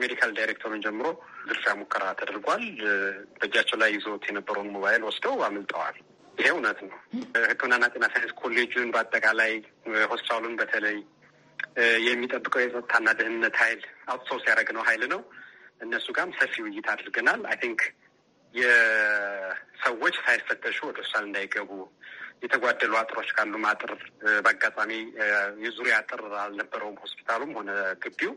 ሜዲካል ዳይሬክተሩን ጀምሮ ዝርፊያ ሙከራ ተደርጓል። በእጃቸው ላይ ይዞት የነበረውን ሞባይል ወስደው አምልጠዋል። ይሄ እውነት ነው። ሕክምናና ጤና ሳይንስ ኮሌጁን በአጠቃላይ ሆስፒታሉን በተለይ የሚጠብቀው የጸጥታና ደህንነት ኃይል አውትሶርስ ያደረግነው ኃይል ነው። እነሱ ጋርም ሰፊ ውይይት አድርገናል። አይ ቲንክ የሰዎች ሳይፈተሹ ወደ ሆስፒታል እንዳይገቡ የተጓደሉ አጥሮች ካሉ አጥር በአጋጣሚ የዙሪያ አጥር አልነበረውም ሆስፒታሉም ሆነ ግቢው።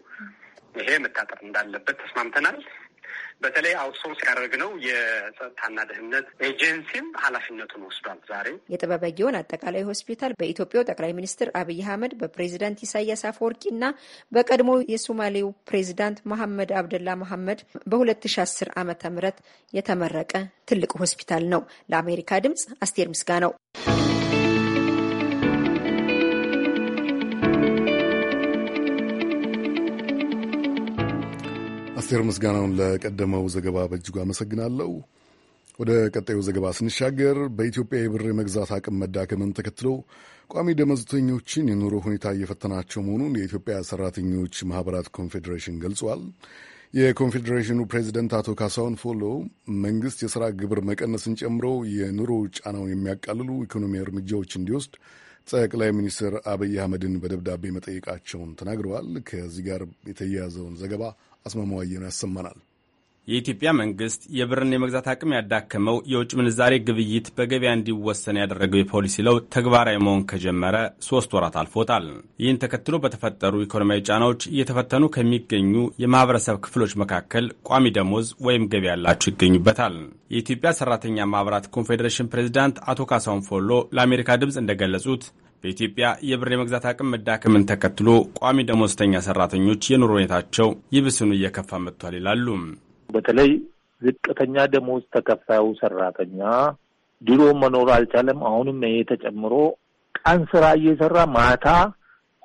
ይሄ መታጠር እንዳለበት ተስማምተናል። በተለይ አውትሶርስ ያደረግነው የጸጥታና ደህንነት ኤጀንሲም ኃላፊነቱን ወስዷል። ዛሬ የጥበበጊዮን አጠቃላይ ሆስፒታል በኢትዮጵያው ጠቅላይ ሚኒስትር አብይ አህመድ በፕሬዚዳንት ኢሳያስ አፈወርቂ እና በቀድሞ የሶማሌው ፕሬዚዳንት መሐመድ አብደላ መሐመድ በ2010 ዓ ም የተመረቀ ትልቅ ሆስፒታል ነው። ለአሜሪካ ድምጽ አስቴር ምስጋ ነው። አስቴር ምስጋናውን ለቀደመው ዘገባ በእጅጉ አመሰግናለሁ። ወደ ቀጣዩ ዘገባ ስንሻገር በኢትዮጵያ የብር የመግዛት አቅም መዳከምን ተከትሎ ቋሚ ደመወዝተኞችን የኑሮ ሁኔታ እየፈተናቸው መሆኑን የኢትዮጵያ ሰራተኞች ማህበራት ኮንፌዴሬሽን ገልጿል። የኮንፌዴሬሽኑ ፕሬዚደንት አቶ ካሳሁን ፎሎ መንግስት የስራ ግብር መቀነስን ጨምሮ የኑሮ ጫናውን የሚያቃልሉ ኢኮኖሚ እርምጃዎች እንዲወስድ ጠቅላይ ሚኒስትር አብይ አህመድን በደብዳቤ መጠየቃቸውን ተናግረዋል። ከዚህ ጋር የተያያዘውን ዘገባ ነው ያሰማናል። የኢትዮጵያ መንግስት የብርን የመግዛት አቅም ያዳከመው የውጭ ምንዛሬ ግብይት በገበያ እንዲወሰን ያደረገው የፖሊሲ ለውጥ ተግባራዊ መሆን ከጀመረ ሶስት ወራት አልፎታል። ይህን ተከትሎ በተፈጠሩ ኢኮኖሚያዊ ጫናዎች እየተፈተኑ ከሚገኙ የማህበረሰብ ክፍሎች መካከል ቋሚ ደሞዝ ወይም ገቢ ያላቸው ይገኙበታል። የኢትዮጵያ ሰራተኛ ማህበራት ኮንፌዴሬሽን ፕሬዚዳንት አቶ ካሳሁን ፎሎ ለአሜሪካ ድምፅ እንደገለጹት በኢትዮጵያ የብር የመግዛት አቅም መዳከምን ተከትሎ ቋሚ ደሞዝተኛ ሰራተኞች የኑሮ ሁኔታቸው ይብስኑ እየከፋ መጥቷል ይላሉ። በተለይ ዝቅተኛ ደሞዝ ተከፋዩ ሰራተኛ ድሮ መኖር አልቻለም። አሁንም ይሄ ተጨምሮ ቀን ስራ እየሰራ ማታ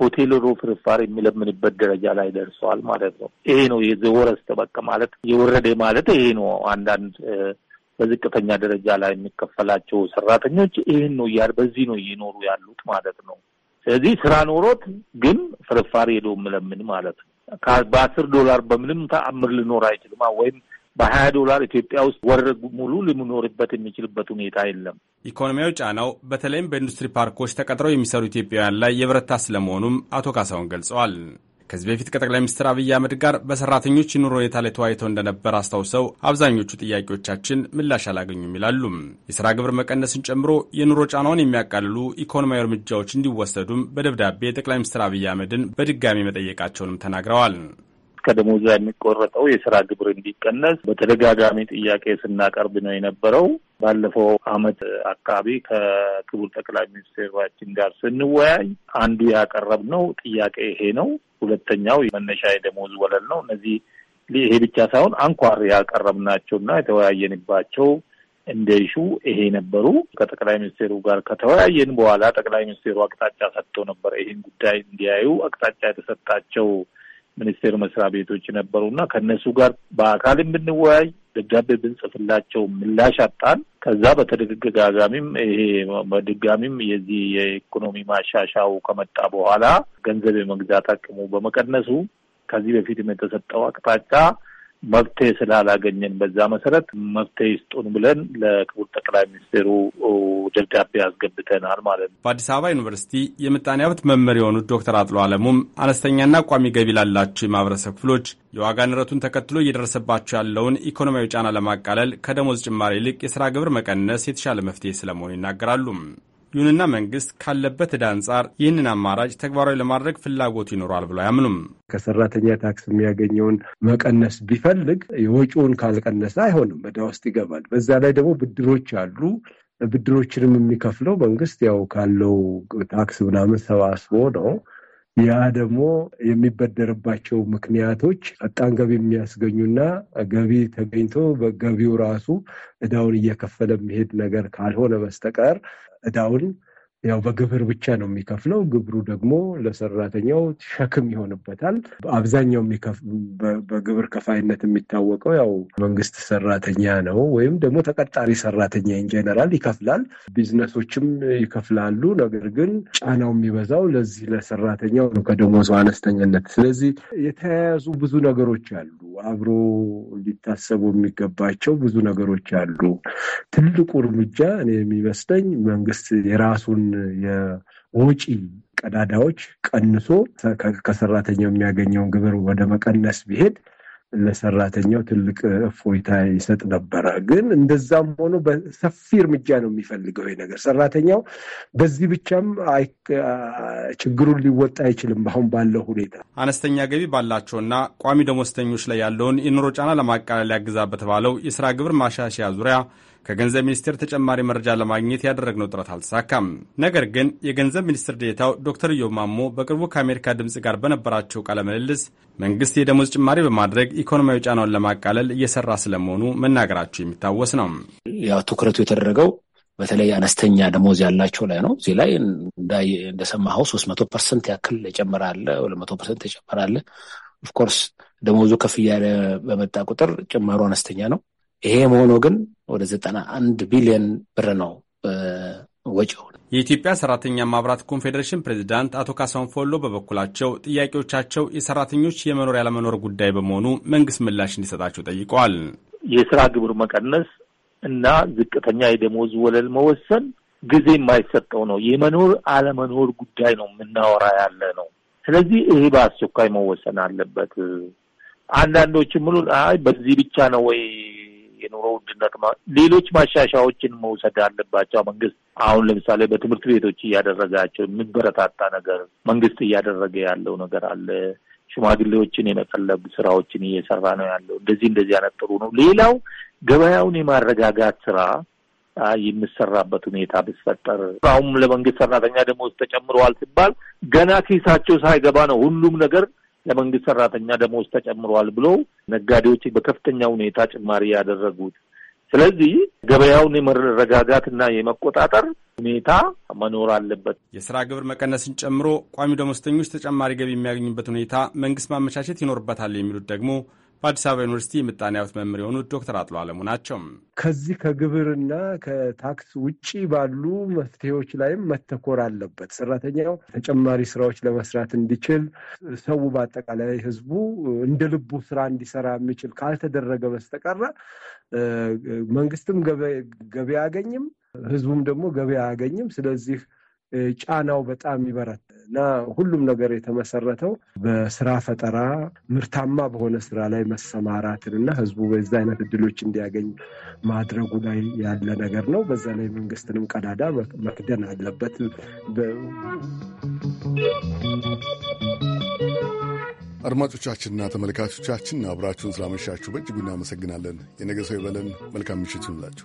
ሆቴል ሮ ፍርፋር የሚለምንበት ደረጃ ላይ ደርሰዋል ማለት ነው። ይሄ ነው የዘወረስተ በቃ ማለት የወረደ ማለት ይሄ ነው። አንዳንድ በዝቅተኛ ደረጃ ላይ የሚከፈላቸው ሰራተኞች ይህን ነው እያ በዚህ ነው እየኖሩ ያሉት ማለት ነው። ስለዚህ ስራ ኖሮት ግን ፍርፋሪ ሄዶ ምለምን ማለት ነው። በአስር ዶላር በምንም ተአምር ልኖር አይችልም ወይም በሀያ ዶላር ኢትዮጵያ ውስጥ ወር ሙሉ ልምኖርበት የሚችልበት ሁኔታ የለም። ኢኮኖሚያዊ ጫናው በተለይም በኢንዱስትሪ ፓርኮች ተቀጥረው የሚሰሩ ኢትዮጵያውያን ላይ የበረታ ስለመሆኑም አቶ ካሳሁን ገልጸዋል። ከዚህ በፊት ከጠቅላይ ሚኒስትር አብይ አህመድ ጋር በሰራተኞች የኑሮ ሁኔታ ላይ ተወያይተው እንደነበር አስታውሰው አብዛኞቹ ጥያቄዎቻችን ምላሽ አላገኙም ይላሉም። የስራ ግብር መቀነስን ጨምሮ የኑሮ ጫናውን የሚያቃልሉ ኢኮኖሚያዊ እርምጃዎች እንዲወሰዱም በደብዳቤ ጠቅላይ ሚኒስትር አብይ አህመድን በድጋሚ መጠየቃቸውንም ተናግረዋል። ከደሞዝ የሚቆረጠው የስራ ግብር እንዲቀነስ በተደጋጋሚ ጥያቄ ስናቀርብ ነው የነበረው። ባለፈው አመት አካባቢ ከክቡር ጠቅላይ ሚኒስትራችን ጋር ስንወያይ አንዱ ያቀረብነው ጥያቄ ይሄ ነው። ሁለተኛው መነሻ የደሞዝ ወለል ነው። እነዚህ ይሄ ብቻ ሳይሆን አንኳር እና የተወያየንባቸው እንደ ይሹ ይሄ ነበሩ። ከጠቅላይ ሚኒስቴሩ ጋር ከተወያየን በኋላ ጠቅላይ ሚኒስቴሩ አቅጣጫ ሰጥቶ ነበር። ይህን ጉዳይ እንዲያዩ አቅጣጫ የተሰጣቸው ሚኒስቴር መስሪያ ቤቶች ነበሩና ከእነሱ ጋር በአካል ብንወያይ ደብዳቤ ብንጽፍላቸው ምላሽ አጣን። ከዛ በተደጋጋሚም ይሄ በድጋሚም የዚህ የኢኮኖሚ ማሻሻው ከመጣ በኋላ ገንዘብ የመግዛት አቅሙ በመቀነሱ ከዚህ በፊት የተሰጠው አቅጣጫ መፍትሄ ስላላገኘን በዛ መሰረት መፍትሄ ይስጡን ብለን ለክቡር ጠቅላይ ሚኒስትሩ ደብዳቤ አስገብተናል ማለት ነው። በአዲስ አበባ ዩኒቨርሲቲ የምጣኔ ሀብት መምህር የሆኑት ዶክተር አጥሎ አለሙም አነስተኛና ቋሚ ገቢ ላላቸው የማህበረሰብ ክፍሎች የዋጋ ንረቱን ተከትሎ እየደረሰባቸው ያለውን ኢኮኖሚያዊ ጫና ለማቃለል ከደሞዝ ጭማሪ ይልቅ የስራ ግብር መቀነስ የተሻለ መፍትሄ ስለመሆኑ ይናገራሉ። ይሁንና መንግስት ካለበት ዕዳ አንጻር ይህንን አማራጭ ተግባራዊ ለማድረግ ፍላጎቱ ይኖሯል ብሎ አያምኑም። ከሰራተኛ ታክስ የሚያገኘውን መቀነስ ቢፈልግ የወጪውን ካልቀነሰ አይሆንም፣ ዕዳ ውስጥ ይገባል። በዛ ላይ ደግሞ ብድሮች አሉ። ብድሮችንም የሚከፍለው መንግስት ያው ካለው ታክስ ምናምን ሰባስቦ ነው። ያ ደግሞ የሚበደርባቸው ምክንያቶች ፈጣን ገቢ የሚያስገኙና ገቢ ተገኝቶ በገቢው ራሱ እዳውን እየከፈለ የሚሄድ ነገር ካልሆነ በስተቀር اداول ያው በግብር ብቻ ነው የሚከፍለው። ግብሩ ደግሞ ለሰራተኛው ሸክም ይሆንበታል። አብዛኛው በግብር ከፋይነት የሚታወቀው ያው መንግስት ሰራተኛ ነው፣ ወይም ደግሞ ተቀጣሪ ሰራተኛ ኢንጀነራል ይከፍላል። ቢዝነሶችም ይከፍላሉ። ነገር ግን ጫናው የሚበዛው ለዚህ ለሰራተኛው ነው ከደሞዙ አነስተኛነት። ስለዚህ የተያያዙ ብዙ ነገሮች አሉ፣ አብሮ ሊታሰቡ የሚገባቸው ብዙ ነገሮች አሉ። ትልቁ እርምጃ እኔ የሚመስለኝ መንግስት የራሱን የወጪ ቀዳዳዎች ቀንሶ ከሰራተኛው የሚያገኘውን ግብር ወደ መቀነስ ቢሄድ ለሰራተኛው ትልቅ እፎይታ ይሰጥ ነበረ። ግን እንደዛም ሆኖ በሰፊ እርምጃ ነው የሚፈልገው ይሄ ነገር። ሰራተኛው በዚህ ብቻም ችግሩን ሊወጣ አይችልም። አሁን ባለው ሁኔታ አነስተኛ ገቢ ባላቸውና ቋሚ ደሞዝተኞች ላይ ያለውን የኑሮ ጫና ለማቃለል ያግዛ በተባለው የስራ ግብር ማሻሻያ ዙሪያ ከገንዘብ ሚኒስቴር ተጨማሪ መረጃ ለማግኘት ያደረግነው ጥረት አልተሳካም። ነገር ግን የገንዘብ ሚኒስትር ዴታው ዶክተር ዮ ማሞ በቅርቡ ከአሜሪካ ድምፅ ጋር በነበራቸው ቃለ ምልልስ መንግስት የደሞዝ ጭማሪ በማድረግ ኢኮኖሚያዊ ጫናውን ለማቃለል እየሰራ ስለመሆኑ መናገራቸው የሚታወስ ነው። ያው ትኩረቱ የተደረገው በተለይ አነስተኛ ደሞዝ ያላቸው ላይ ነው። እዚህ ላይ እንደሰማኸው ሶስት መቶ ፐርሰንት ያክል ጨምራለ፣ ሁለት መቶ ፐርሰንት የጨመረ ኦፍኮርስ ደሞዙ ከፍ እያለ በመጣ ቁጥር ጭማሩ አነስተኛ ነው። ይሄ መሆኖ ግን ወደ ዘጠና አንድ ቢሊዮን ብር ነው ወጪው። የኢትዮጵያ ሰራተኛ ማብራት ኮንፌዴሬሽን ፕሬዚዳንት አቶ ካሳሁን ፎሎ በበኩላቸው ጥያቄዎቻቸው የሰራተኞች የመኖር ያለመኖር ጉዳይ በመሆኑ መንግስት ምላሽ እንዲሰጣቸው ጠይቀዋል። የስራ ግብር መቀነስ እና ዝቅተኛ የደሞዝ ወለል መወሰን ጊዜ የማይሰጠው ነው። የመኖር አለመኖር ጉዳይ ነው የምናወራ ያለ ነው። ስለዚህ ይሄ በአስቸኳይ መወሰን አለበት። አንዳንዶች ምሉ አይ በዚህ ብቻ ነው ወይ የኑሮ ውድነት፣ ሌሎች ማሻሻዎችን መውሰድ አለባቸው። መንግስት አሁን ለምሳሌ በትምህርት ቤቶች እያደረጋቸው የሚበረታታ ነገር መንግስት እያደረገ ያለው ነገር አለ። ሽማግሌዎችን የመቀለብ ስራዎችን እየሰራ ነው ያለው። እንደዚህ እንደዚህ ያነጥሩ ነው። ሌላው ገበያውን የማረጋጋት ስራ የሚሰራበት ሁኔታ ብትፈጠር። አሁን ለመንግስት ሰራተኛ ደሞዝ ተጨምረዋል ሲባል ገና ኪሳቸው ሳይገባ ነው ሁሉም ነገር ለመንግስት ሰራተኛ ደሞዝ ተጨምሯል ብሎ ነጋዴዎች በከፍተኛ ሁኔታ ጭማሪ ያደረጉት። ስለዚህ ገበያውን የመረጋጋትና የመቆጣጠር ሁኔታ መኖር አለበት። የስራ ግብር መቀነስን ጨምሮ ቋሚ ደሞዝተኞች ተጨማሪ ገቢ የሚያገኙበት ሁኔታ መንግስት ማመቻቸት ይኖርበታል የሚሉት ደግሞ በአዲስ አበባ ዩኒቨርሲቲ የምጣኔ ሀብት መምህር የሆኑት ዶክተር አጥሎ አለሙ ናቸው። ከዚህ ከግብርና ከታክስ ውጪ ባሉ መፍትሄዎች ላይም መተኮር አለበት። ሰራተኛው ተጨማሪ ስራዎች ለመስራት እንዲችል፣ ሰው በአጠቃላይ ህዝቡ እንደ ልቡ ስራ እንዲሰራ የሚችል ካልተደረገ በስተቀረ መንግስትም ገቢ አያገኝም፣ ህዝቡም ደግሞ ገቢ አያገኝም። ስለዚህ ጫናው በጣም ይበረት እና ሁሉም ነገር የተመሰረተው በስራ ፈጠራ ምርታማ በሆነ ስራ ላይ መሰማራትን እና ህዝቡ በዚ አይነት እድሎች እንዲያገኝ ማድረጉ ላይ ያለ ነገር ነው። በዛ ላይ መንግስትንም ቀዳዳ መክደን አለበት። አድማጮቻችንና ተመልካቾቻችን አብራችሁን ስላመሻችሁ በእጅጉ እናመሰግናለን። የነገ ሰው ይበለን። መልካም ምሽት ይሁንላችሁ።